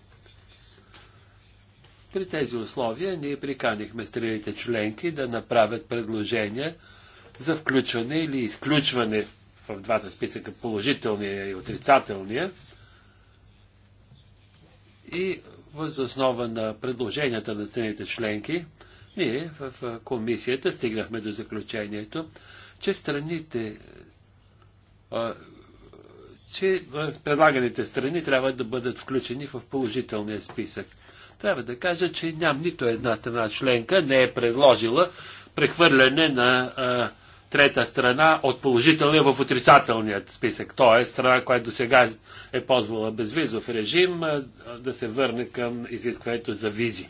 При тези условия ние приканихме страните членки да направят предложения за включване или изключване в двата списъка, положителния и отрицателния, и въз основа на предложенията на страните членки, ние в комисията стигнахме до заключението, че страните, че предлаганите страни трябва да бъдат включени в положителния списък. Трябва да кажа, че ням нито една страна членка не е предложила прехвърляне на трета страна от положителния в отрицателният списък. Тоест е страна, която до сега е ползвала безвизов режим, да се върне към изискването за визи.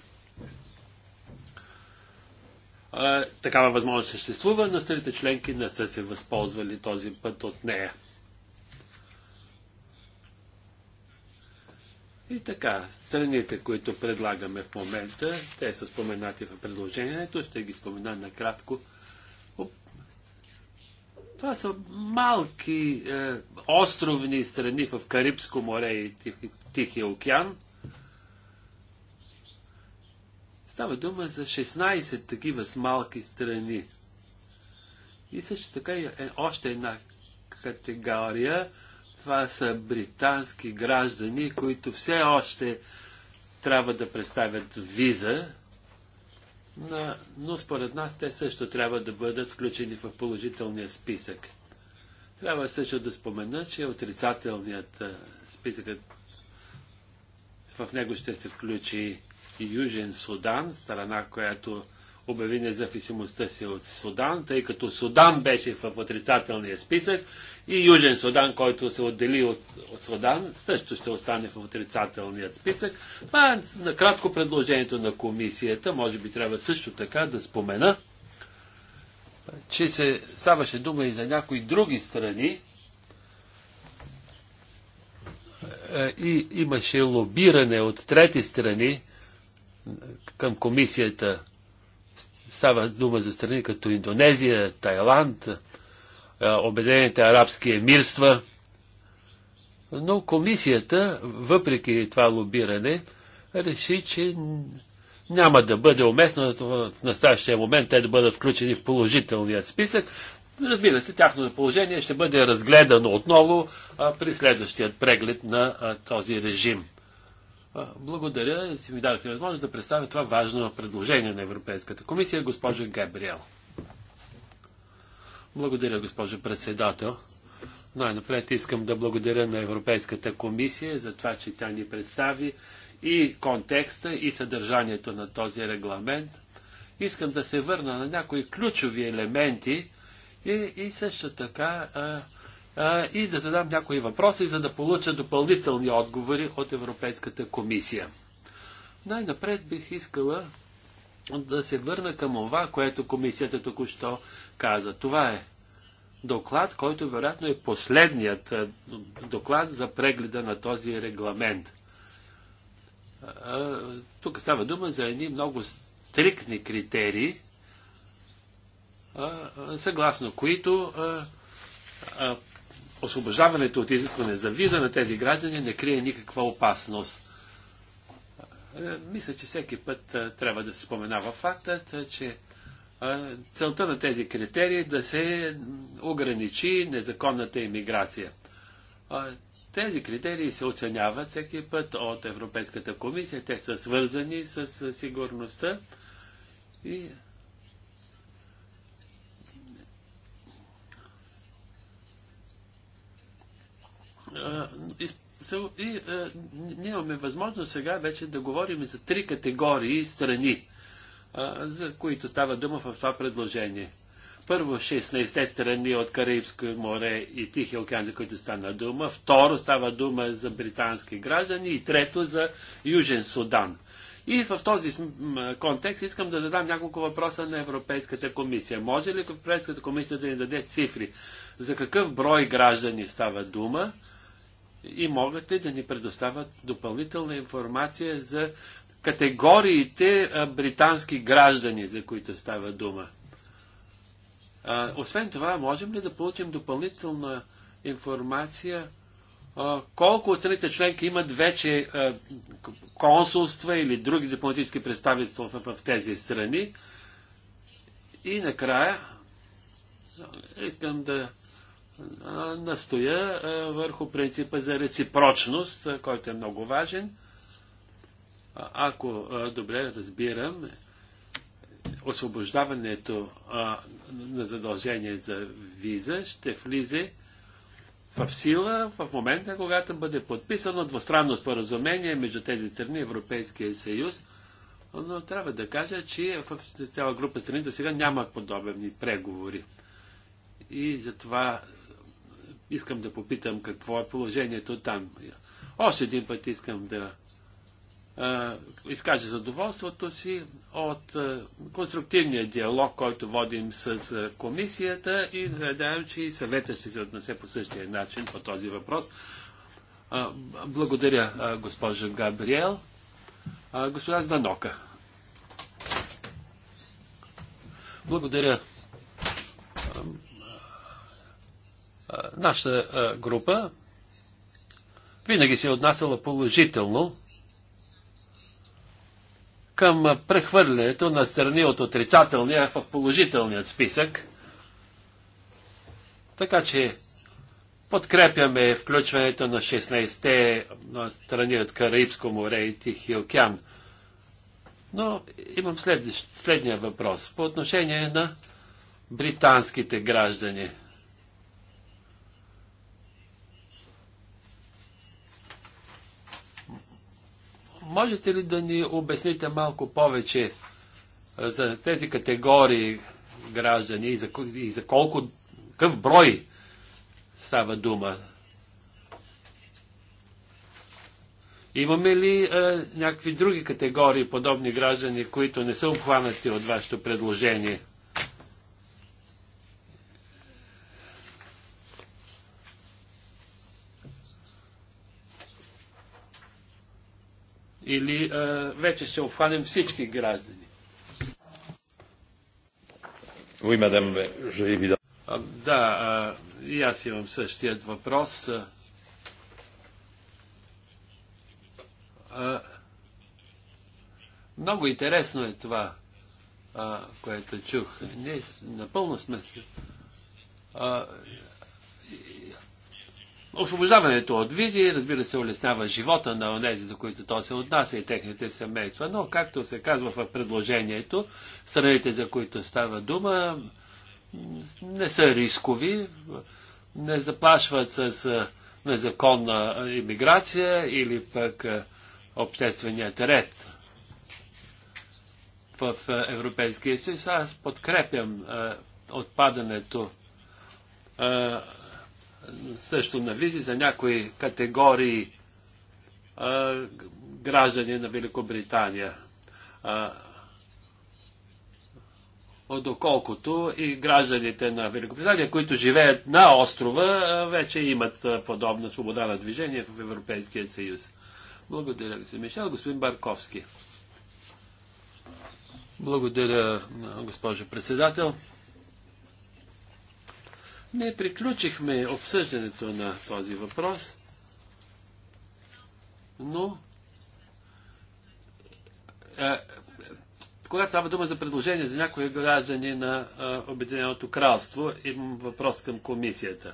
Такава възможност съществува, но страните членки не са се възползвали този път от нея. И така, страните, които предлагаме в момента, те са споменати в предложението, ще ги спомена накратко това са малки е, островни страни в Карибско море и Тихи, Тихия океан. Става дума за 16 такива с малки страни. И също така и е още една категория. Това са британски граждани, които все още трябва да представят виза но според нас те също трябва да бъдат включени в положителния списък. Трябва също да спомена, че отрицателният списък в него ще се включи и Южен Судан, страна, която обяви независимостта си от Судан, тъй като Судан беше в отрицателния списък и Южен Судан, който се отдели от, от Судан, също ще остане в отрицателният списък. Това е накратко предложението на комисията. Може би трябва също така да спомена, че се ставаше дума и за някои други страни, е, и имаше лобиране от трети страни към комисията Става дума за страни като Индонезия, Тайланд, е, Обединените арабски емирства. Но комисията, въпреки това лобиране, реши, че няма да бъде уместно в настоящия момент те да бъдат включени в положителният списък. Разбира се, тяхното положение ще бъде разгледано отново а, при следващият преглед на а, този режим. Благодаря, си ми дадохте възможност да представя това важно предложение на Европейската комисия, госпожа Габриел. Благодаря, госпожо председател. Най-напред искам да благодаря на Европейската комисия за това, че тя ни представи и контекста, и съдържанието на този регламент. Искам да се върна на някои ключови елементи и, и също така а, и да задам някои въпроси, за да получа допълнителни отговори от Европейската комисия. Най-напред бих искала да се върна към това, което комисията току-що каза. Това е доклад, който вероятно е последният доклад за прегледа на този регламент. Тук става дума за едни много стрикни критерии, съгласно които освобождаването от изискване за виза на тези граждани не крие никаква опасност. Е, мисля, че всеки път е, трябва да се споменава фактът, е, че целта на тези критерии е да се ограничи незаконната иммиграция. Тези критерии се оценяват всеки път от Европейската комисия. Те са свързани с сигурността и Е, и ние имаме възможност сега вече да говорим за три категории страни, е, за които става дума в това предложение. Първо 16 страни от Карибско море и Тихия океан, за които стана дума. Второ става дума за британски граждани и трето за Южен Судан. И в този контекст искам да задам няколко въпроса на Европейската комисия. Може ли Европейската комисия да ни даде цифри? За какъв брой граждани става дума? и могат ли да ни предоставят допълнителна информация за категориите британски граждани, за които става дума? А, освен това, можем ли да получим допълнителна информация а, колко от страните членки имат вече а, консулства или други дипломатически представителства в, в тези страни? И накрая искам да настоя върху принципа за реципрочност, който е много важен. Ако добре разбирам, освобождаването на задължение за виза ще влизе в сила в момента, когато бъде подписано двустранно споразумение между тези страни Европейския съюз. Но трябва да кажа, че в цяла група страни до сега няма подобни преговори. И затова искам да попитам какво е положението там. Още един път искам да а, изкажа задоволството си от а, конструктивния диалог, който водим с а, комисията и надявам, че и съвета ще се отнесе по същия начин по този въпрос. А, благодаря, а, госпожа Габриел. А, госпожа Зданока. Благодаря, Нашата група винаги се е отнасяла положително към прехвърлянето на страни от отрицателния в положителният списък. Така че подкрепяме включването на 16-те страни от Караибско море и Тихи океан. Но имам след, следния въпрос по отношение на британските граждани – можете ли да ни обясните малко повече е, за тези категории граждани и за, и за колко, какъв брой става дума? Имаме ли е, някакви други категории подобни граждани, които не са обхванати от вашето предложение? или а, вече ще обхванем всички граждани? Oui, madame, je... а, да, а, и аз имам същият въпрос. А, много интересно е това, а, което чух. Ние напълно сме. А, Освобождаването от визи, разбира се, улеснява живота на онези, за които то се отнася и техните семейства, но, както се казва в предложението, страните, за които става дума, не са рискови, не заплашват с незаконна иммиграция или пък общественият ред в Европейския съюз. Аз подкрепям отпадането също навлиза за някои категории а, граждани на Великобритания. А, доколкото и гражданите на Великобритания, които живеят на острова, вече имат подобна свобода на движение в Европейския съюз. Благодаря, господин Мишел. Господин Барковски. Благодаря, госпожо председател. Не приключихме обсъждането на този въпрос, но е, когато става дума за предложение за някои граждани на е, Обединеното кралство, имам въпрос към комисията.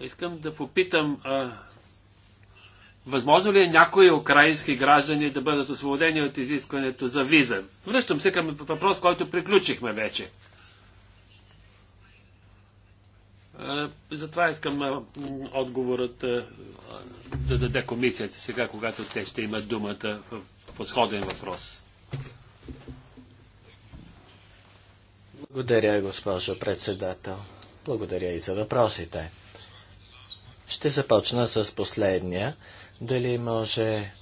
Искам да попитам, а, е, възможно ли е някои украински граждани да бъдат освободени от изискването за виза? Връщам се към въпрос, който приключихме вече. Е, затова искам е, отговорът е, да даде комисията сега, когато те ще имат думата в посходен въпрос. Благодаря, госпожо председател. Благодаря и за въпросите. Ще започна с последния. Дали може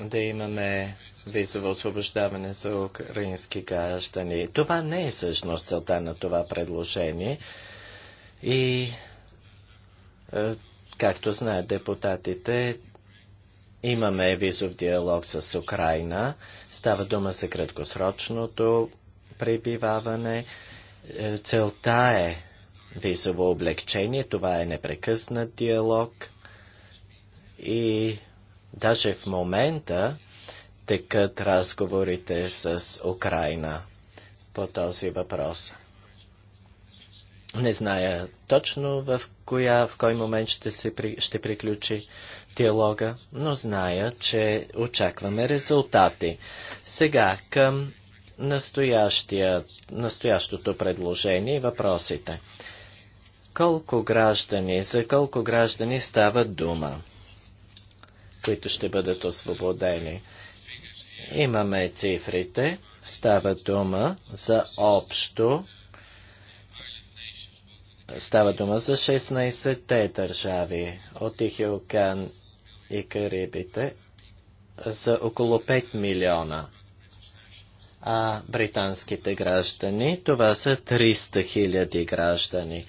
да имаме визово освобождаване за украински граждани? Това не е всъщност целта на това предложение. И, е, както знаят депутатите, имаме визов диалог с Украина. Става дума за краткосрочното пребиваване. Е, целта е визово облегчение. Това е непрекъснат диалог. И даже в момента текат разговорите с Украина по този въпрос. Не зная точно в, коя, в кой момент ще, се, ще приключи диалога, но зная, че очакваме резултати. Сега към настоящото предложение и въпросите. Колко граждани, за колко граждани става дума, които ще бъдат освободени? Имаме цифрите. Става дума за общо Става дума за 16-те държави от Тихия океан и Карибите за около 5 милиона. А британските граждани, това са 300 хиляди граждани.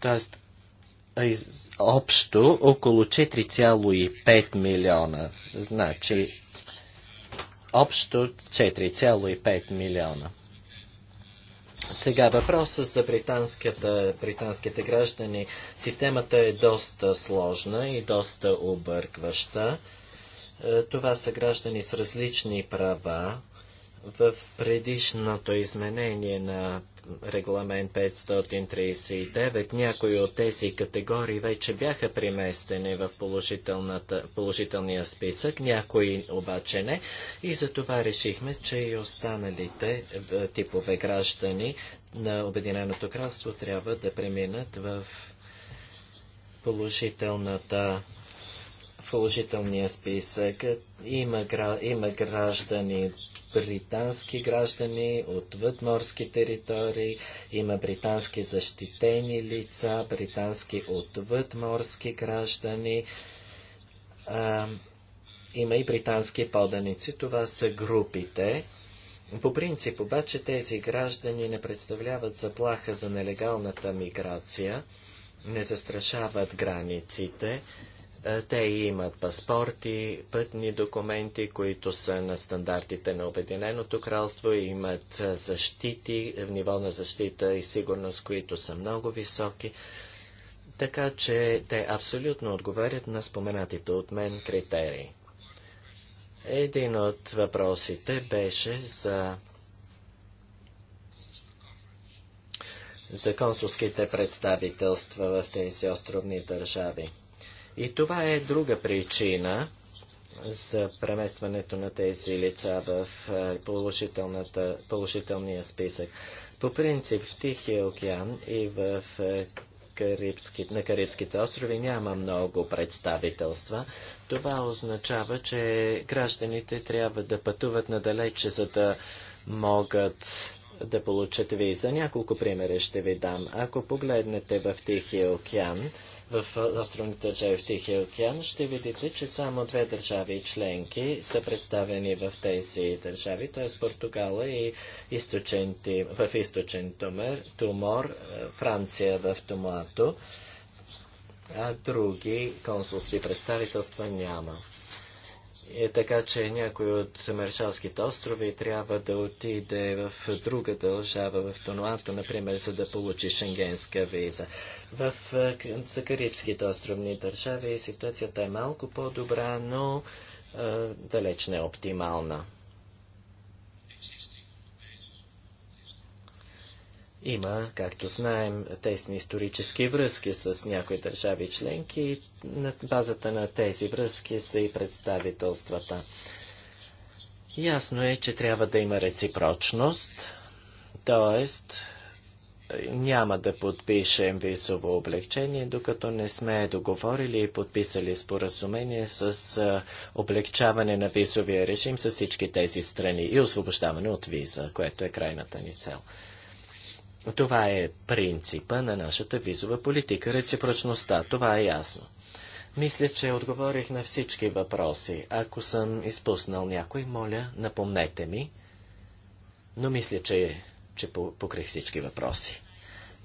Тоест, общо около 4,5 милиона. Значи, общо 4,5 милиона. Сега въпросът за британските граждани. Системата е доста сложна и доста объркваща. Е, това са граждани с различни права. В предишното изменение на регламент 539, някои от тези категории вече бяха приместени в положителния списък, някои обаче не. И за това решихме, че и останалите е, типове граждани на Обединеното кралство трябва да преминат в положителната положителния списък. Има, има граждани, британски граждани отвъд морски територии, има британски защитени лица, британски отвъд морски граждани, а, има и британски поданици. Това са групите. По принцип обаче тези граждани не представляват заплаха за нелегалната миграция, не застрашават границите. Е, те имат паспорти, пътни документи, които са на стандартите на Обединеното кралство, имат е, защити, е, ниво на защита и сигурност, които са много високи. Така че те абсолютно отговарят на споменатите от мен критерии. Един от въпросите беше за за консулските представителства в тези островни държави. И това е друга причина за преместването на тези лица в положителния списък. По принцип в Тихия океан и в Карибски, на Карибските острови няма много представителства. Това означава, че гражданите трябва да пътуват надалече, за да могат да получат виза. Няколко примера ще ви дам. Ако погледнете в Тихия океан, в островните държави в Тихия океан, ще видите, че само две държави членки са представени в тези държави, т.е. Португала е и източен, в източен Тумер, Тумор, Франция в Томато, а други консулски представителства няма. Е, така че някой от Маршалските острови трябва да отиде в друга държава, в Тонуато, например, за да получи шенгенска виза. В, е, за Карибските островни държави ситуацията е малко по-добра, но е, далеч не е оптимална. има, както знаем, тесни исторически връзки с някои държави членки и на базата на тези връзки са и представителствата. Ясно е, че трябва да има реципрочност, т.е. няма да подпишем висово облегчение, докато не сме договорили и подписали споразумение с облегчаване на висовия режим с всички тези страни и освобождаване от виза, което е крайната ни цел. Това е принципа на нашата визова политика, реципрочността, това е ясно. Мисля, че отговорих на всички въпроси. Ако съм изпуснал някой, моля, напомнете ми. Но мисля, че, че покрих всички въпроси.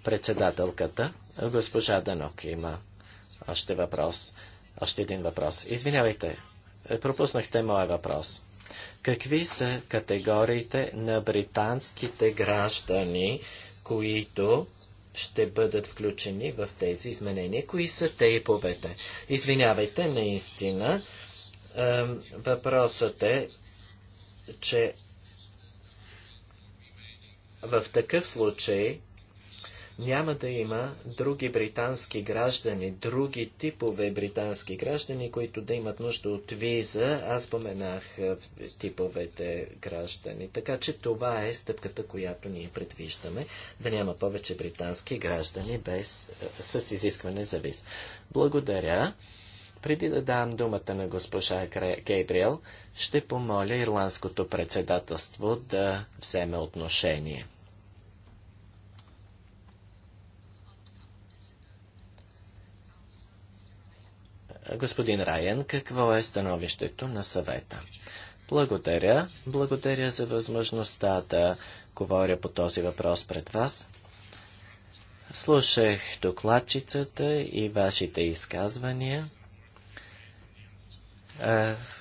Председателката, госпожа Данок, има още въпрос. Още един въпрос. Извинявайте, пропуснахте моя въпрос. Какви са категориите на британските граждани, които ще бъдат включени в тези изменения. Кои са те и повете? Извинявайте, наистина. въпросът е, че в такъв случай няма да има други британски граждани, други типове британски граждани, които да имат нужда от виза. Аз споменах е, типовете граждани. Така че това е стъпката, която ние предвиждаме. Да няма повече британски граждани без, е, с изискване за виза. Благодаря. Преди да дам думата на госпожа Гейбриел, ще помоля Ирландското председателство да вземе отношение. Господин Райен, какво е становището на съвета? Благодаря. Благодаря за възможността да говоря по този въпрос пред вас. Слушах докладчицата и вашите изказвания.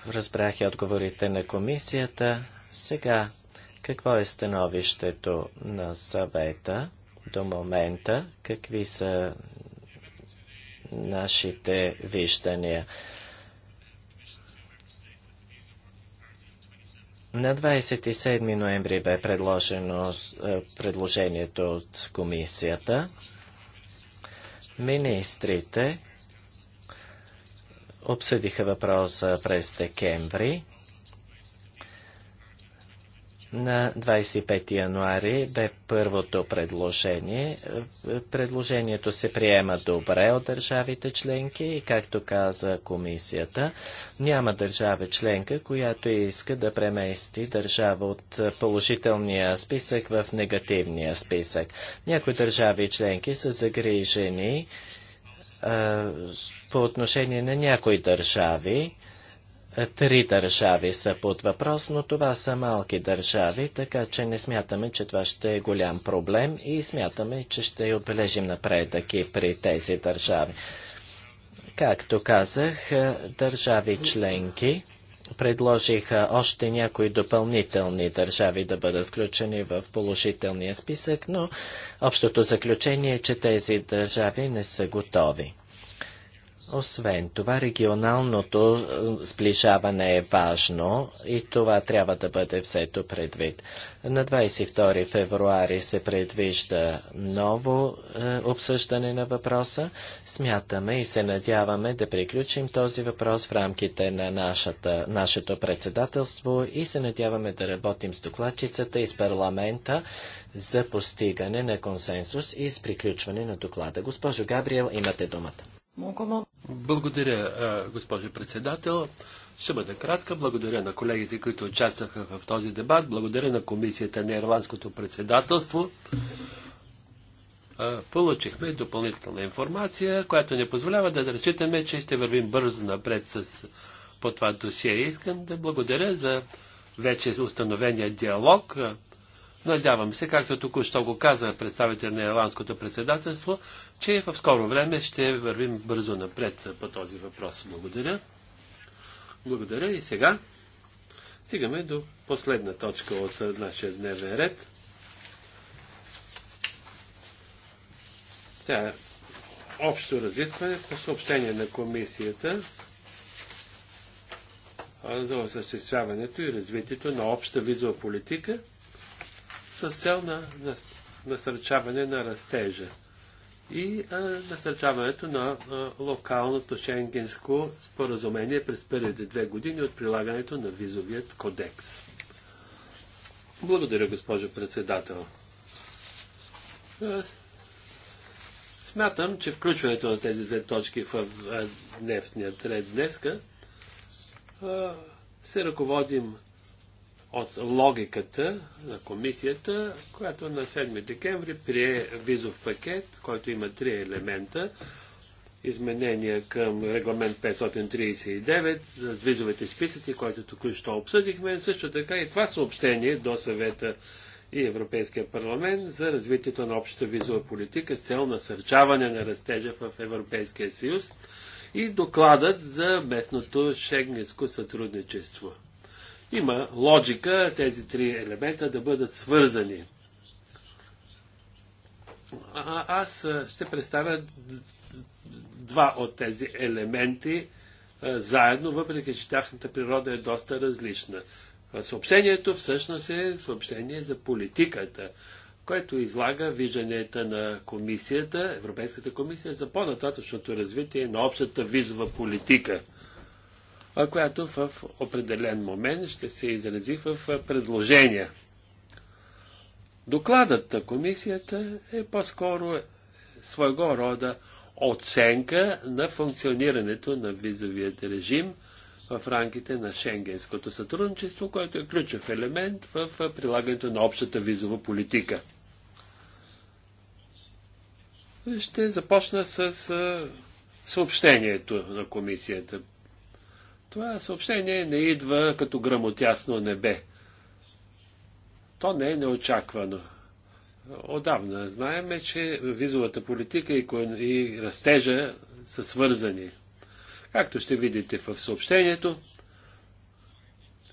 Разбрах и отговорите на комисията. Сега, какво е становището на съвета до момента? Какви са нашите виждания. На 27 ноември бе предложено е, предложението от комисията. Министрите обсъдиха въпроса през декември. На 25 януари бе първото предложение. Предложението се приема добре от държавите членки и, както каза комисията, няма държава членка, която иска да премести държава от положителния списък в негативния списък. Някои държави членки са загрижени по отношение на някои държави, Три държави са под въпрос, но това са малки държави, така че не смятаме, че това ще е голям проблем и смятаме, че ще отбележим напредък и при тези държави. Както казах, е, държави членки предложиха още някои допълнителни държави да бъдат включени в положителния списък, но общото заключение е, че тези държави не са готови. Освен това, регионалното е, сближаване е важно и това трябва да бъде всето предвид. На 22 февруари се предвижда ново е, обсъждане на въпроса. Смятаме и се надяваме да приключим този въпрос в рамките на нашата, нашето председателство и се надяваме да работим с докладчицата и с парламента за постигане на консенсус и с приключване на доклада. Госпожо Габриел, имате думата. Благодаря, госпожо председател. Ще бъда кратка. Благодаря на колегите, които участваха в този дебат. Благодаря на комисията на Ирландското председателство. Получихме допълнителна информация, която не позволява да разчитаме, че ще вървим бързо напред с, по това досие. Искам да благодаря за вече установения диалог. Надявам се, както току-що го каза представител на Ирландското председателство, че в скоро време ще вървим бързо напред по този въпрос. Благодаря. Благодаря и сега стигаме до последна точка от нашия дневен ред. Тя е общо разискване по съобщение на комисията за осъществяването и развитието на обща визова политика с цел на насърчаване на растежа и а, насърчаването на а, локалното шенгенско споразумение през първите две години от прилагането на визовият кодекс. Благодаря, госпожо председател. А, смятам, че включването на тези две точки в дневния ред днеска се ръководим от логиката на комисията, която на 7 декември прие визов пакет, който има три елемента. Изменения към регламент 539 за визовите списъци, който току-що обсъдихме. Също така и това съобщение до съвета и Европейския парламент за развитието на общата визова политика с цел насърчаване на растежа в Европейския съюз и докладът за местното шегниско сътрудничество. Има логика тези три елемента да бъдат свързани. А, аз ще представя два от тези елементи а, заедно, въпреки че тяхната природа е доста различна. Съобщението всъщност е съобщение за политиката, което излага вижданията на комисията, Европейската комисия за по-нататъчното развитие на общата визова политика която в определен момент ще се изрази в предложения. Докладът на комисията е по-скоро своего рода оценка на функционирането на визовият режим в рамките на шенгенското сътрудничество, което е ключов елемент в прилагането на общата визова политика. Ще започна с съобщението на комисията. Това съобщение не идва като грамотясно небе. То не е неочаквано. Отдавна знаеме, че визовата политика и растежа са свързани. Както ще видите в съобщението,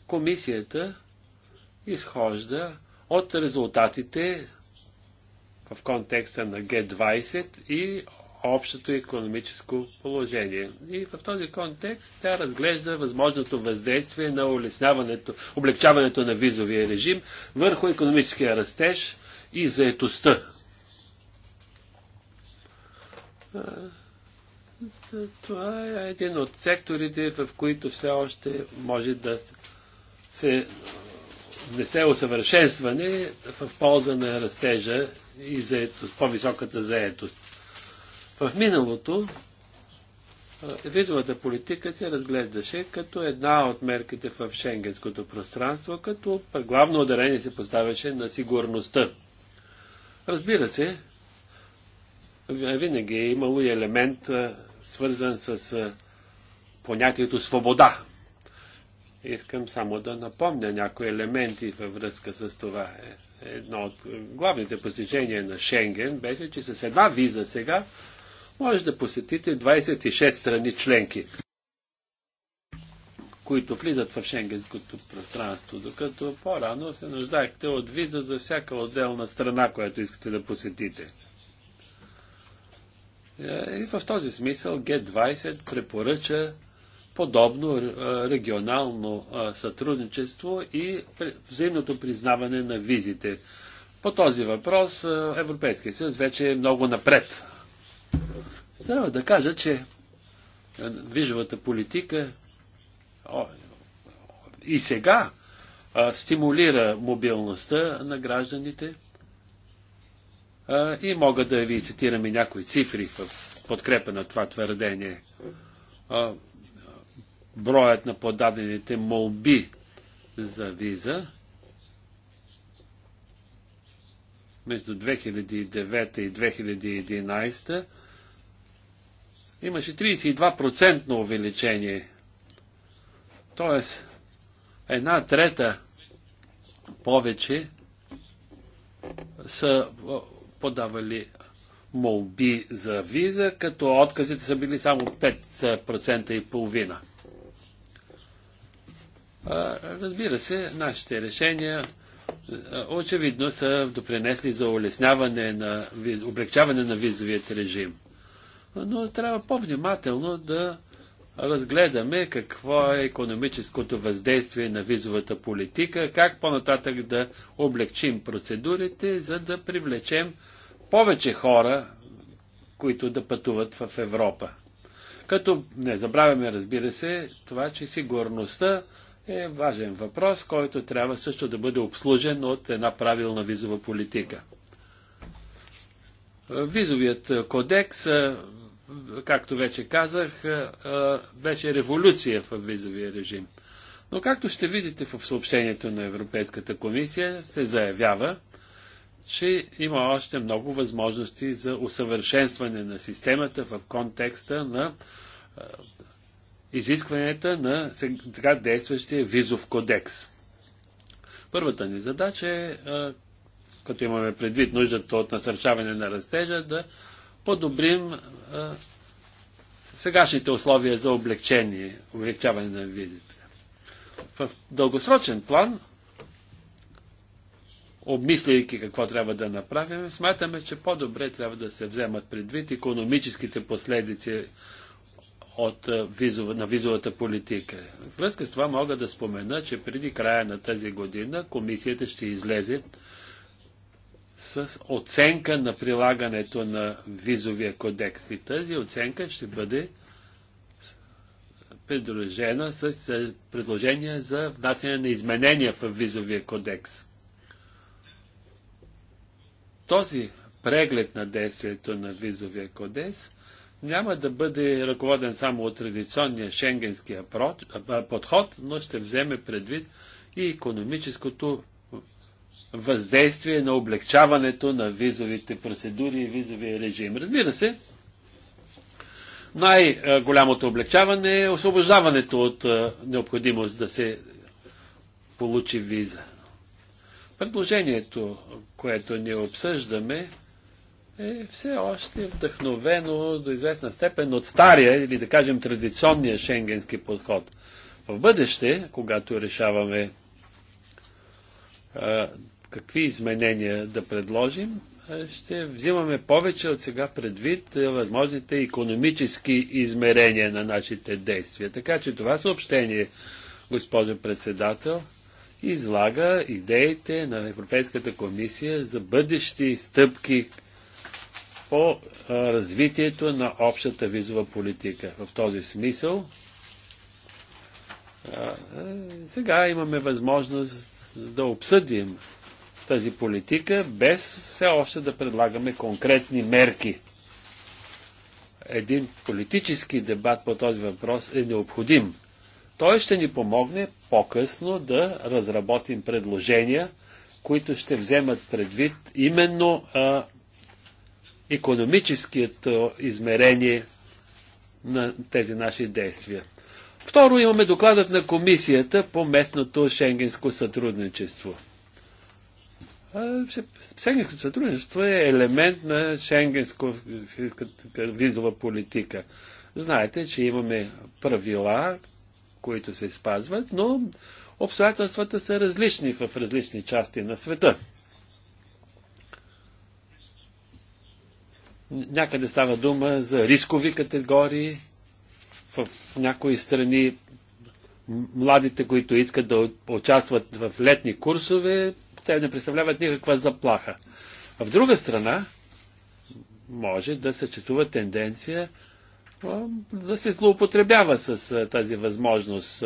комисията изхожда от резултатите в контекста на Г20 и общото економическо положение. И в този контекст тя разглежда възможното въздействие на улесняването, облегчаването на визовия режим върху економическия растеж и заетостта. Това е един от секторите, в които все още може да се не се усъвършенстване в полза на растежа и заетост, по-високата заетост. В миналото визовата политика се разглеждаше като една от мерките в шенгенското пространство, като главно ударение се поставяше на сигурността. Разбира се, винаги е имало и елемент, свързан с понятието свобода. Искам само да напомня някои елементи във връзка с това. Е, едно от главните постижения на Шенген беше, че с една виза сега може да посетите 26 страни членки, които влизат в шенгенското пространство, докато по-рано се нуждаехте от виза за всяка отделна страна, която искате да посетите. Е, и в този смисъл Г20 препоръча подобно е, регионално е, сътрудничество и взаимното признаване на визите. По този въпрос Европейския съюз вече е много напред. Трябва да кажа, че е, виждавата политика и сега стимулира мобилността на гражданите. И мога да ви цитираме някои цифри в подкрепа на това твърдение. Броят на подадените молби за виза между 2009 и 2011 имаше 32% увеличение. Тоест, една трета повече са подавали молби за виза, като отказите са били само 5% и половина. Разбира се, нашите решения очевидно са допринесли за улесняване на, облегчаване на визовият режим но трябва по-внимателно да разгледаме какво е економическото въздействие на визовата политика, как по-нататък да облегчим процедурите, за да привлечем повече хора, които да пътуват в Европа. Като не забравяме, разбира се, това, че сигурността е важен въпрос, който трябва също да бъде обслужен от една правилна визова политика. Визовият кодекс, както вече казах, беше революция в визовия режим. Но както ще видите в съобщението на Европейската комисия, се заявява, че има още много възможности за усъвършенстване на системата в контекста на изискванията на сега действащия визов кодекс. Първата ни задача е като имаме предвид нуждата от насърчаване на растежа, да подобрим сегашните условия за облегчение, облегчаване на визите. В дългосрочен план, обмисляйки какво трябва да направим, смятаме, че по-добре трябва да се вземат предвид економическите последици от визова, на визовата политика. Връзка с това мога да спомена, че преди края на тази година комисията ще излезе с оценка на прилагането на визовия кодекс. И тази оценка ще бъде придружена с предложение за внасяне на изменения в визовия кодекс. Този преглед на действието на визовия кодекс няма да бъде ръководен само от традиционния шенгенския подход, но ще вземе предвид и економическото въздействие на облегчаването на визовите процедури и визовия режим. Разбира се, най-голямото облегчаване е освобождаването от необходимост да се получи виза. Предложението, което ние обсъждаме, е все още вдъхновено до известна степен от стария или да кажем традиционния шенгенски подход. В бъдеще, когато решаваме какви изменения да предложим, ще взимаме повече от сега предвид възможните економически измерения на нашите действия. Така че това съобщение, госпожо председател, излага идеите на Европейската комисия за бъдещи стъпки по развитието на общата визова политика. В този смисъл сега имаме възможност да обсъдим тази политика, без все още да предлагаме конкретни мерки. Един политически дебат по този въпрос е необходим. Той ще ни помогне по-късно да разработим предложения, които ще вземат предвид именно а, економическият измерение на тези наши действия. Второ, имаме докладът на комисията по местното шенгенско сътрудничество. Шенгенското сътрудничество е елемент на шенгенско визова политика. Знаете, че имаме правила, които се спазват, но обстоятелствата са различни в различни части на света. Някъде става дума за рискови категории, в някои страни младите, които искат да участват в летни курсове, те не представляват никаква заплаха. А в друга страна, може да съществува тенденция да се злоупотребява с тази възможност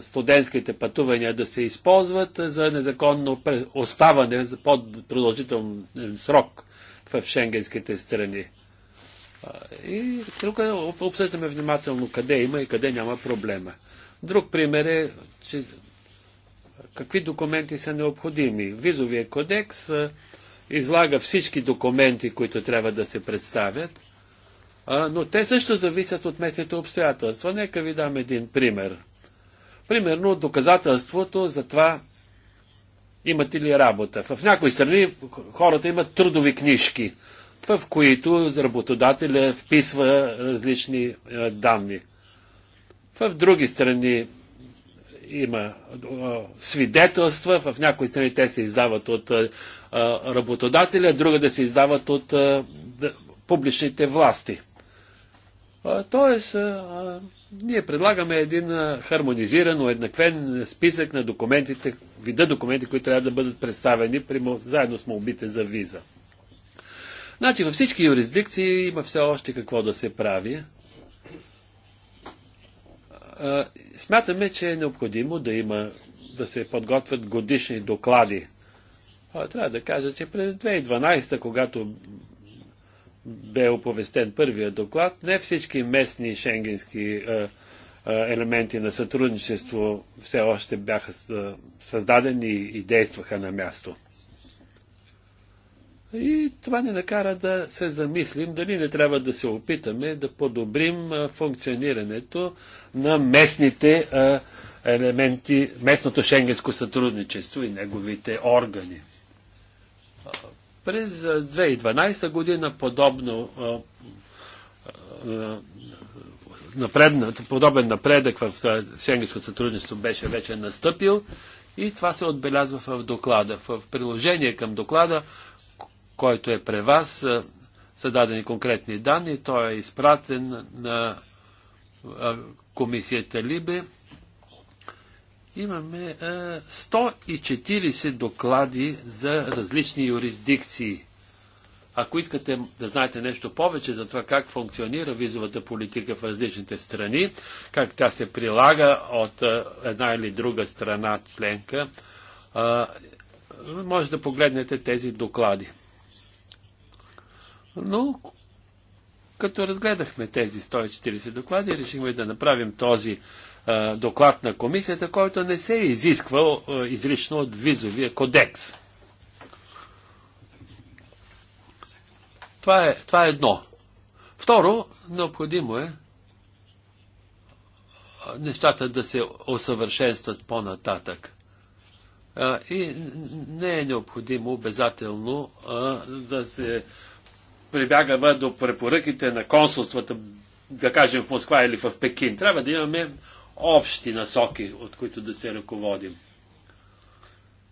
студентските пътувания да се използват за незаконно оставане за по продължителен срок в шенгенските страни. И тук обсъждаме внимателно къде има и къде няма проблема. Друг пример е, че какви документи са необходими. Визовия кодекс излага всички документи, които трябва да се представят, но те също зависят от местните обстоятелства. Нека ви дам един пример. Примерно доказателството за това имате ли работа. В някои страни хората имат трудови книжки в които работодателя вписва различни е, данни. В други страни има е, свидетелства, в някои страни те се издават от е, работодателя, друга да се издават от публичните власти. Тоест, ние предлагаме един хармонизиран, уеднаквен списък на документите, вида документи, които трябва да бъдат представени заедно с молбите за виза. Значи във всички юрисдикции има все още какво да се прави. Смятаме, че е необходимо да има да се подготвят годишни доклади. трябва да кажа, че през 2012, когато бе оповестен първия доклад, не всички местни шенгенски елементи на сътрудничество все още бяха създадени и действаха на място. И това ни накара да се замислим дали не трябва да се опитаме да подобрим функционирането на местните елементи, местното шенгенско сътрудничество и неговите органи. През 2012 година подобно напредна, подобен напредък в шенгенско сътрудничество беше вече настъпил и това се отбелязва в доклада. В приложение към доклада който е при вас, е, са дадени конкретни данни, той е изпратен на е, комисията Либе. Имаме 140 е, доклади за различни юрисдикции. Ако искате да знаете нещо повече за това как функционира визовата политика в различните страни, как тя се прилага от една или друга страна членка, може да погледнете тези доклади. Но като разгледахме тези 140 доклади, решихме да направим този а, доклад на комисията, който не се е изисквал а, изрично от визовия кодекс. Това е, това е едно. Второ, необходимо е нещата да се усъвършенстват по-нататък. И не е необходимо обязателно а, да се прибягаме до препоръките на консулствата, да кажем в Москва или в Пекин. Трябва да имаме общи насоки, от които да се ръководим.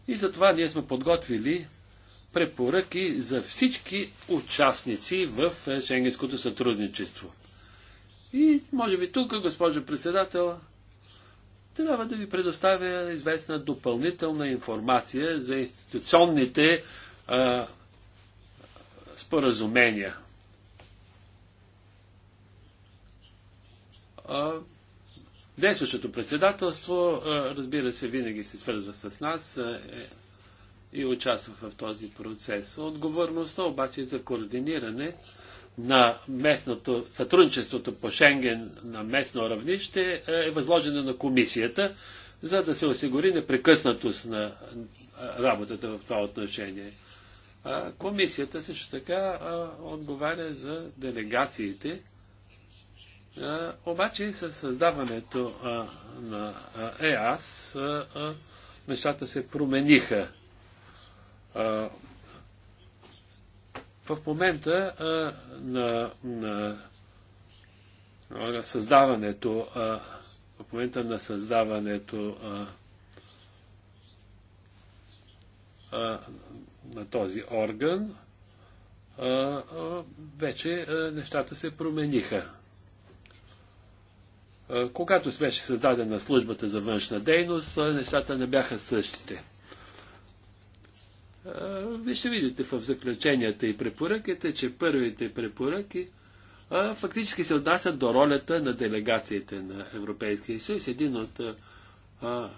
И затова ние сме подготвили препоръки за всички участници в е, шенгенското сътрудничество. И може би тук, госпожо председател, трябва да ви предоставя известна допълнителна информация за институционните а, споразумения. Действащото председателство, разбира се, винаги се свързва с нас е, и участва в този процес. Отговорността обаче за координиране на местното сътрудничеството по Шенген на местно равнище е възложено на комисията, за да се осигури непрекъснатост на работата в това отношение комисията също така отговаря за делегациите. Обаче обаче със създаването на ЕАС нещата се промениха. В момента на, на създаването, в момента на създаването на този орган, вече нещата се промениха. Когато беше създадена службата за външна дейност, нещата не бяха същите. Ви ще видите в заключенията и препоръките, че първите препоръки а, фактически се отнасят до ролята на делегациите на Европейския съюз. Един от а,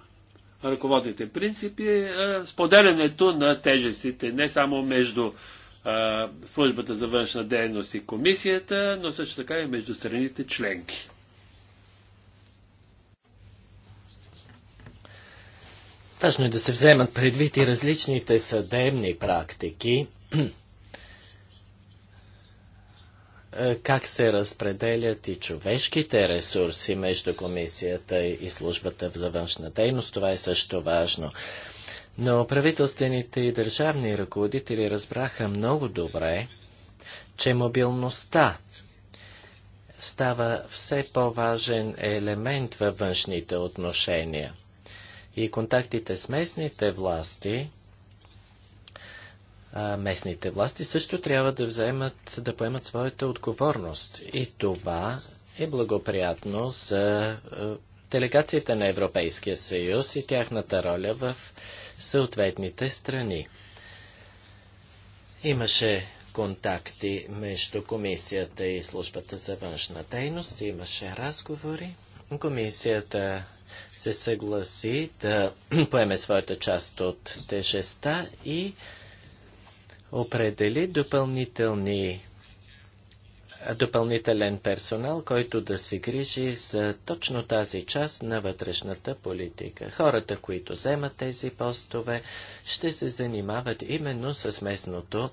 ръководните принципи, е, споделянето на тежестите не само между службата за външна дейност и комисията, но също така и между страните членки. Важно е да се вземат предвид и различните съдебни практики, е, как се разпределят и човешките ресурси между комисията и службата за външна дейност. Това е също важно. Но правителствените и държавни ръководители разбраха много добре, че мобилността става все по-важен елемент във външните отношения. И контактите с местните власти местните власти също трябва да вземат, да поемат своята отговорност. И това е благоприятно за делегацията на Европейския съюз и тяхната роля в съответните страни. Имаше контакти между комисията и службата за външна дейност, имаше разговори. Комисията се съгласи да поеме своята част от тежеста и определи допълнителни допълнителен персонал, който да се грижи за точно тази част на вътрешната политика. Хората, които вземат тези постове, ще се занимават именно с местното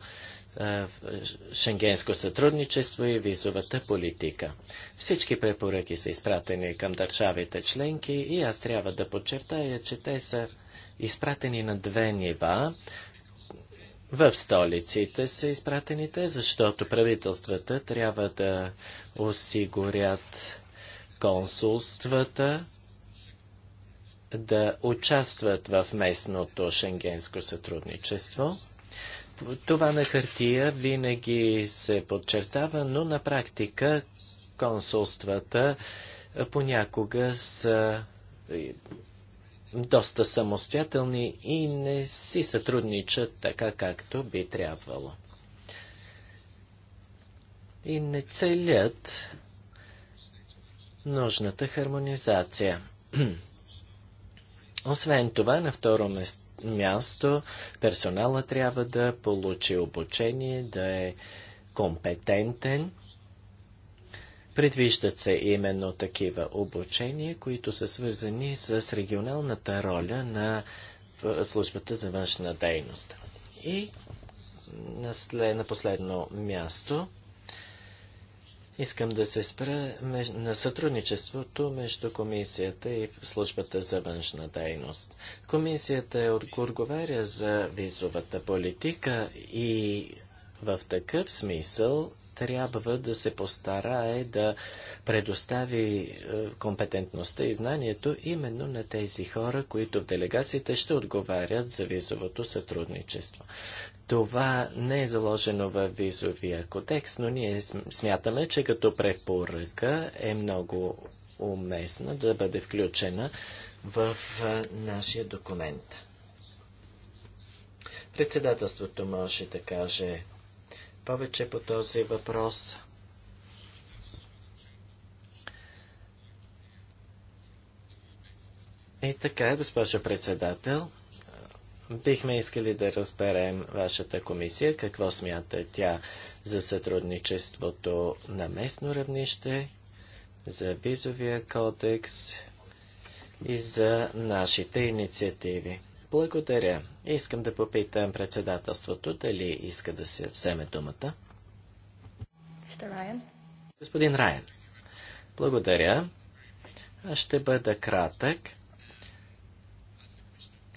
шенгенско сътрудничество и визовата политика. Всички препоръки са изпратени към държавите членки и аз трябва да подчертая, че те са изпратени на две нива в столиците са изпратените, защото правителствата трябва да осигурят консулствата да участват в местното шенгенско сътрудничество. Това на хартия винаги се подчертава, но на практика консулствата понякога са доста самостоятелни и не си сътрудничат така, както би трябвало. И не целят нужната хармонизация. Освен това, на второ място, персонала трябва да получи обучение, да е компетентен – Предвиждат се именно такива обучения, които са свързани с регионалната роля на службата за външна дейност. И на, последно място искам да се спра на сътрудничеството между комисията и службата за външна дейност. Комисията е отговаря за визовата политика и в такъв смисъл трябва да се постарае да предостави е, компетентността и знанието именно на тези хора, които в делегациите ще отговарят за визовото сътрудничество. Това не е заложено в визовия кодекс, но ние смятаме, че като препоръка е много уместна да бъде включена в е, нашия документ. Председателството може да каже повече по този въпрос. И така, госпожо председател, бихме искали да разберем вашата комисия, какво смята тя за сътрудничеството на местно равнище, за визовия кодекс и за нашите инициативи. Благодаря. Искам да попитам председателството дали иска да се вземе думата. Райан. Господин Райан, благодаря. Аз ще бъда кратък.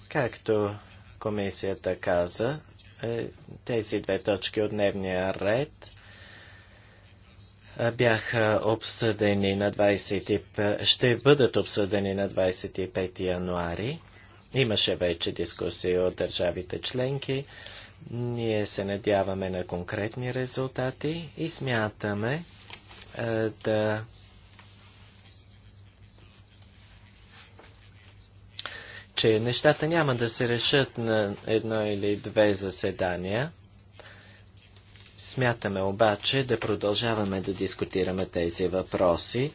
Както комисията каза, е, тези две точки от дневния ред е, бяха обсъдени на 25, ще бъдат обсъдени на 25 януари. Имаше вече дискусии от държавите членки. Ние се надяваме на конкретни резултати и смятаме е, да че нещата няма да се решат на едно или две заседания. Смятаме обаче да продължаваме да дискутираме тези въпроси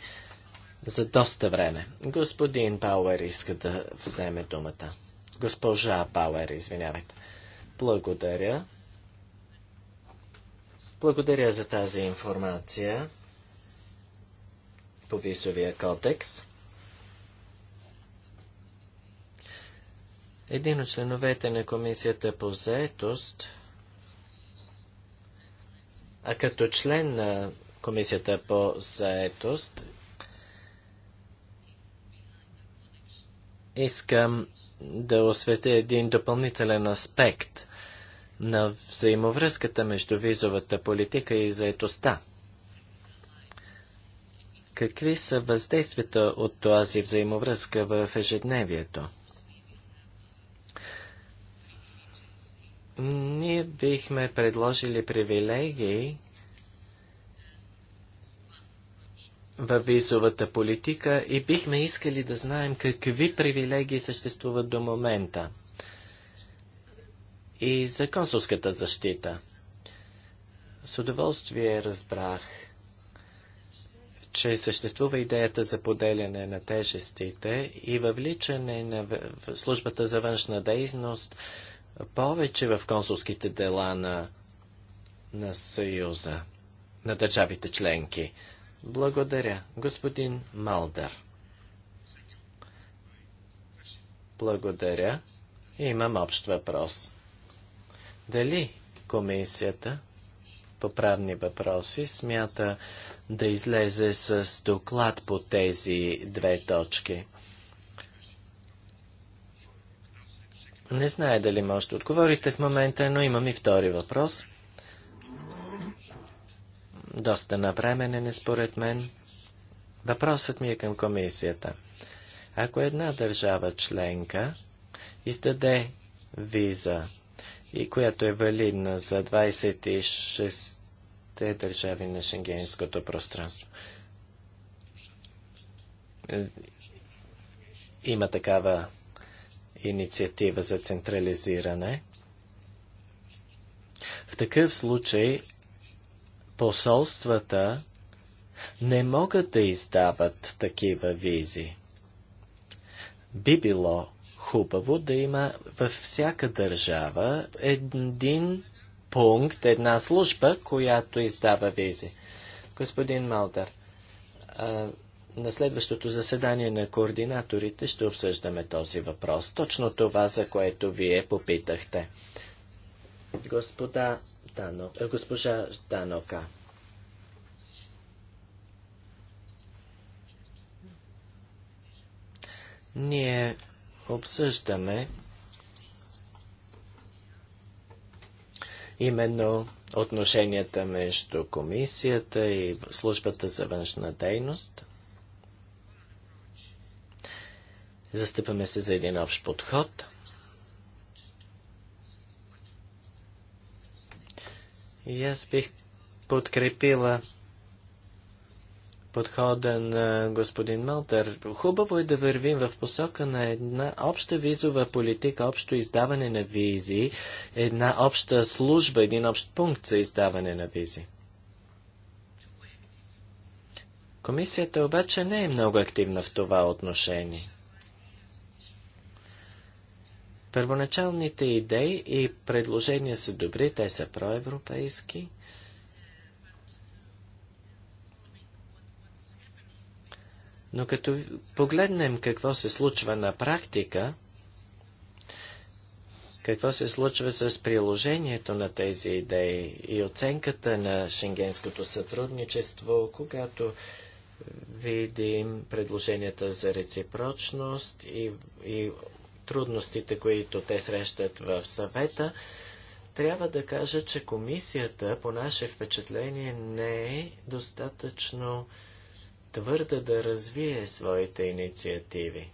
за доста време. Господин Пауер иска да вземе думата. Госпожа Пауер, извинявайте. Благодаря. Благодаря за тази информация по висовия кодекс. Един от членовете на комисията по заетост, а като член на комисията по заетост, искам да осветя един допълнителен аспект на взаимовръзката между визовата политика и заетостта. Какви са въздействията от тази взаимовръзка в ежедневието? Ние бихме предложили привилегии във визовата политика и бихме искали да знаем какви привилегии съществуват до момента. И за консулската защита. С удоволствие разбрах, че съществува идеята за поделяне на тежестите и въвличане на службата за външна дейност повече в консулските дела на, на Съюза, на държавите членки. Благодаря, господин Малдър. Благодаря. Имам общ въпрос. Дали комисията по правни въпроси смята да излезе с доклад по тези две точки? Не знае дали може да отговорите в момента, но имам и втори въпрос – доста навременен е според мен. Въпросът ми е към комисията. Ако една държава членка издаде виза, и която е валидна за 26 държави на шенгенското пространство, има такава инициатива за централизиране. В такъв случай посолствата не могат да издават такива визи. Би било хубаво да има във всяка държава един пункт, една служба, която издава визи. Господин Малдър, на следващото заседание на координаторите ще обсъждаме този въпрос. Точно това, за което вие попитахте. Господа Данок, е, госпожа Данока. Ние обсъждаме именно отношенията между комисията и службата за външна дейност. Застъпваме се за един общ подход – И аз бих подкрепила подхода на господин Малтер. Хубаво е да вървим в посока на една обща визова политика, общо издаване на визи, една обща служба, един общ пункт за издаване на визи. Комисията обаче не е много активна в това отношение. Първоначалните идеи и предложения са добри, те са проевропейски. Но като погледнем какво се случва на практика, какво се случва с приложението на тези идеи и оценката на шенгенското сътрудничество, когато видим предложенията за реципрочност и, и трудностите, които те срещат в съвета, трябва да кажа, че комисията, по наше впечатление, не е достатъчно твърда да развие своите инициативи,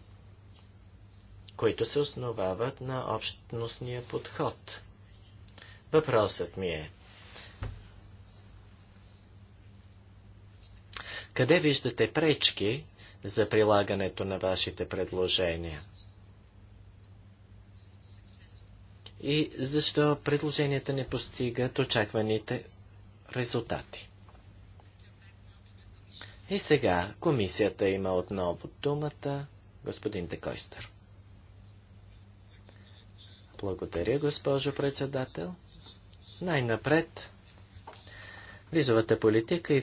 които се основават на общностния подход. Въпросът ми е, къде виждате пречки за прилагането на вашите предложения? и защо предложенията не постигат очакваните резултати. И сега комисията има отново думата господин Декойстър. Благодаря, госпожо председател. Най-напред визовата политика и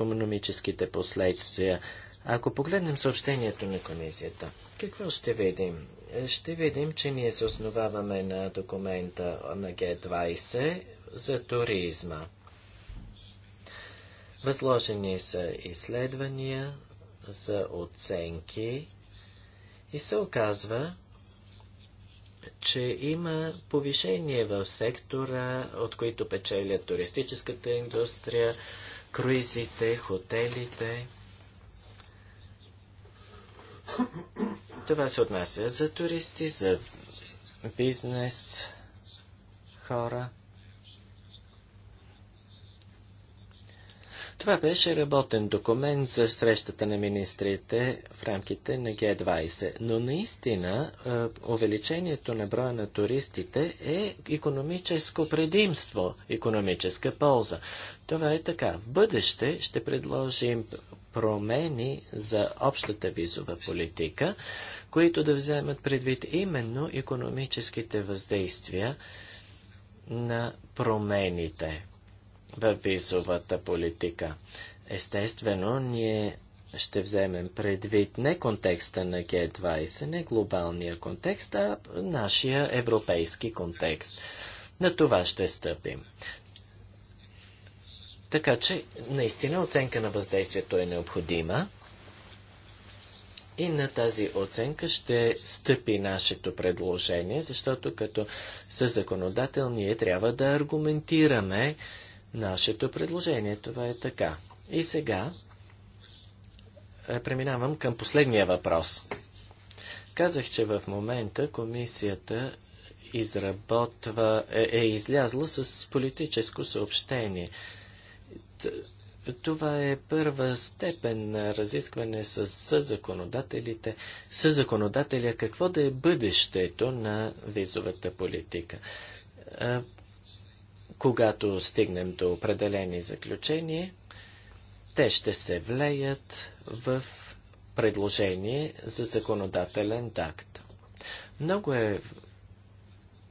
економическите последствия ако погледнем съобщението на комисията, какво ще видим? Ще видим, че ние се основаваме на документа на Г20 за туризма. Възложени са изследвания за оценки и се оказва, че има повишение в сектора, от които печелят туристическата индустрия, круизите, хотелите. Това се отнася за туристи, за бизнес, хора. Това беше работен документ за срещата на министрите в рамките на Г-20, но наистина е, увеличението на броя на туристите е економическо предимство, економическа полза. Това е така. В бъдеще ще предложим промени за общата визова политика, които да вземат предвид именно економическите въздействия на промените в визовата политика. Естествено, ние ще вземем предвид не контекста на Г20, не глобалния контекст, а нашия европейски контекст. На това ще стъпим. Така че, наистина, оценка на въздействието е необходима. И на тази оценка ще стъпи нашето предложение, защото като със законодател ние трябва да аргументираме нашето предложение. Това е така. И сега е, преминавам към последния въпрос. Казах, че в момента комисията изработва, е, е излязла с политическо съобщение – това е първа степен на разискване с законодателите, с законодателя какво да е бъдещето на визовата политика. когато стигнем до определени заключения, те ще се влеят в предложение за законодателен акт. Много е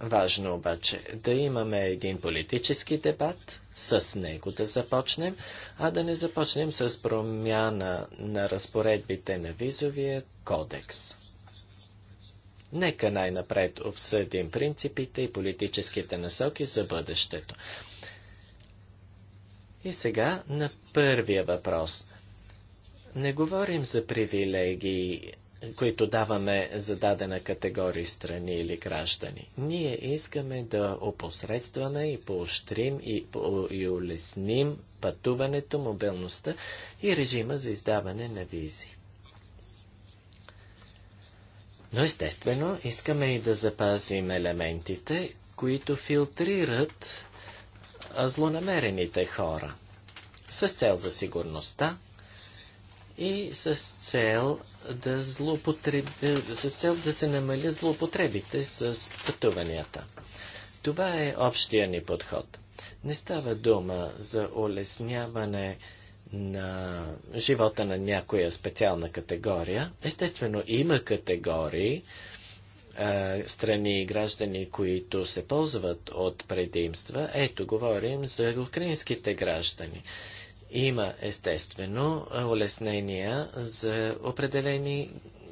Важно обаче да имаме един политически дебат, с него да започнем, а да не започнем с промяна на разпоредбите на визовия кодекс. Нека най-напред обсъдим принципите и политическите насоки за бъдещето. И сега на първия въпрос. Не говорим за привилегии които даваме за дадена категория страни или граждани. Ние искаме да опосредстваме и поощрим и, и улесним пътуването, мобилността и режима за издаване на визи. Но естествено, искаме и да запазим елементите, които филтрират злонамерените хора с цел за сигурността и с цел да злоупотреби, е, с цел да се намалят злоупотребите с пътуванията. Това е общия ни подход. Не става дума за улесняване на живота на някоя специална категория. Естествено, има категории, е, страни и граждани, които се ползват от предимства. Ето, говорим за украинските граждани. Има, естествено, улеснения за определени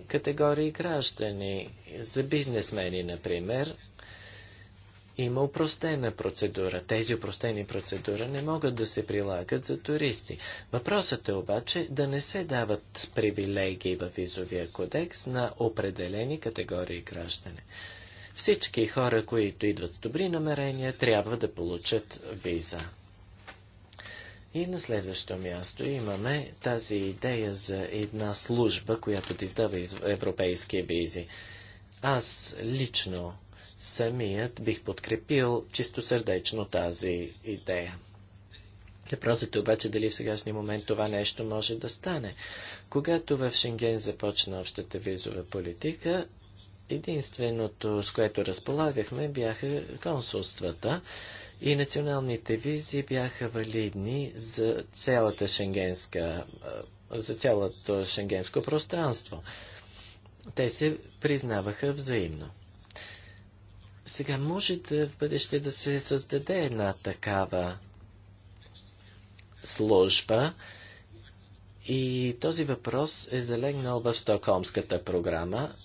категории граждани, за бизнесмени, например, има упростена процедура. Тези упростени процедури не могат да се прилагат за туристи. Въпросът е обаче да не се дават привилегии във визовия кодекс на определени категории граждани. Всички хора, които идват с добри намерения, трябва да получат виза. И на следващо място имаме тази идея за една служба, която ти издава из европейски визи. Аз лично самият бих подкрепил чисто сърдечно тази идея. Въпросът е обаче дали в сегашния момент това нещо може да стане. Когато в Шенген започна общата визова политика, единственото, с което разполагахме, бяха консулствата, и националните визи бяха валидни за цялата шенгенска, за цялото шенгенско пространство. Те се признаваха взаимно. Сега може да в бъдеще да се създаде една такава служба и този въпрос е залегнал в Стокхолмската програма.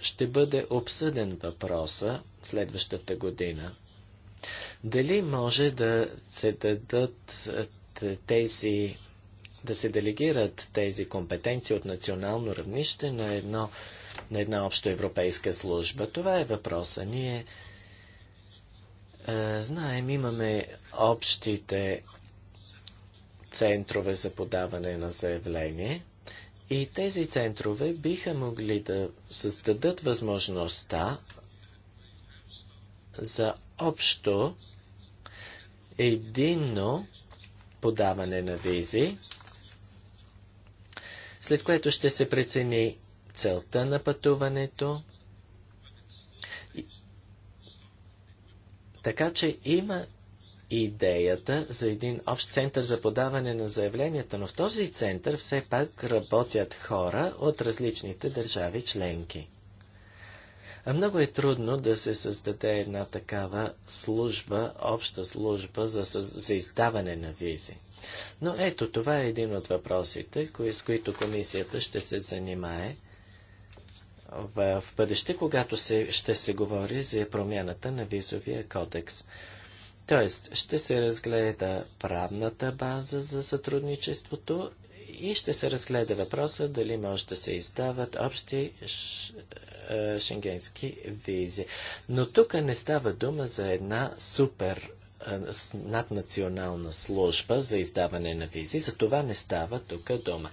Ще бъде обсъден въпроса следващата година дали може да се дадат е, тези, да се делегират тези компетенции от национално равнище на, едно, на една общоевропейска служба? Това е въпроса. Ние е, знаем, имаме общите центрове за подаване на заявление и тези центрове биха могли да създадат възможността за общо единно подаване на визи, след което ще се прецени целта на пътуването. И... Така че има идеята за един общ център за подаване на заявленията, но в този център все пак работят хора от различните държави членки. Много е трудно да се създаде една такава служба, обща служба за, за издаване на визи. Но ето, това е един от въпросите, кои, с които комисията ще се занимае в, в бъдеще, когато се, ще се говори за промяната на визовия кодекс. Тоест, ще се разгледа правната база за сътрудничеството и ще се разгледа въпроса дали може да се издават общи е, шенгенски визи. Но тук не става дума за една супер е, наднационална служба за издаване на визи. За това не става тук дума.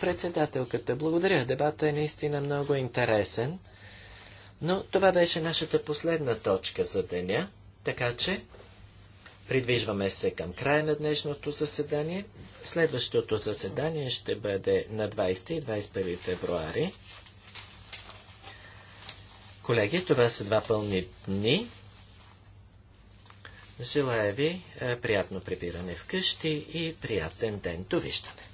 Председателката, благодаря. Дебата е наистина много интересен. Но това беше нашата последна точка за деня, така че Придвижваме се към края на днешното заседание. Следващото заседание ще бъде на 20 и 21 февруари. Колеги, това са два пълни дни. Желая ви е, приятно прибиране вкъщи и приятен ден. Довиждане!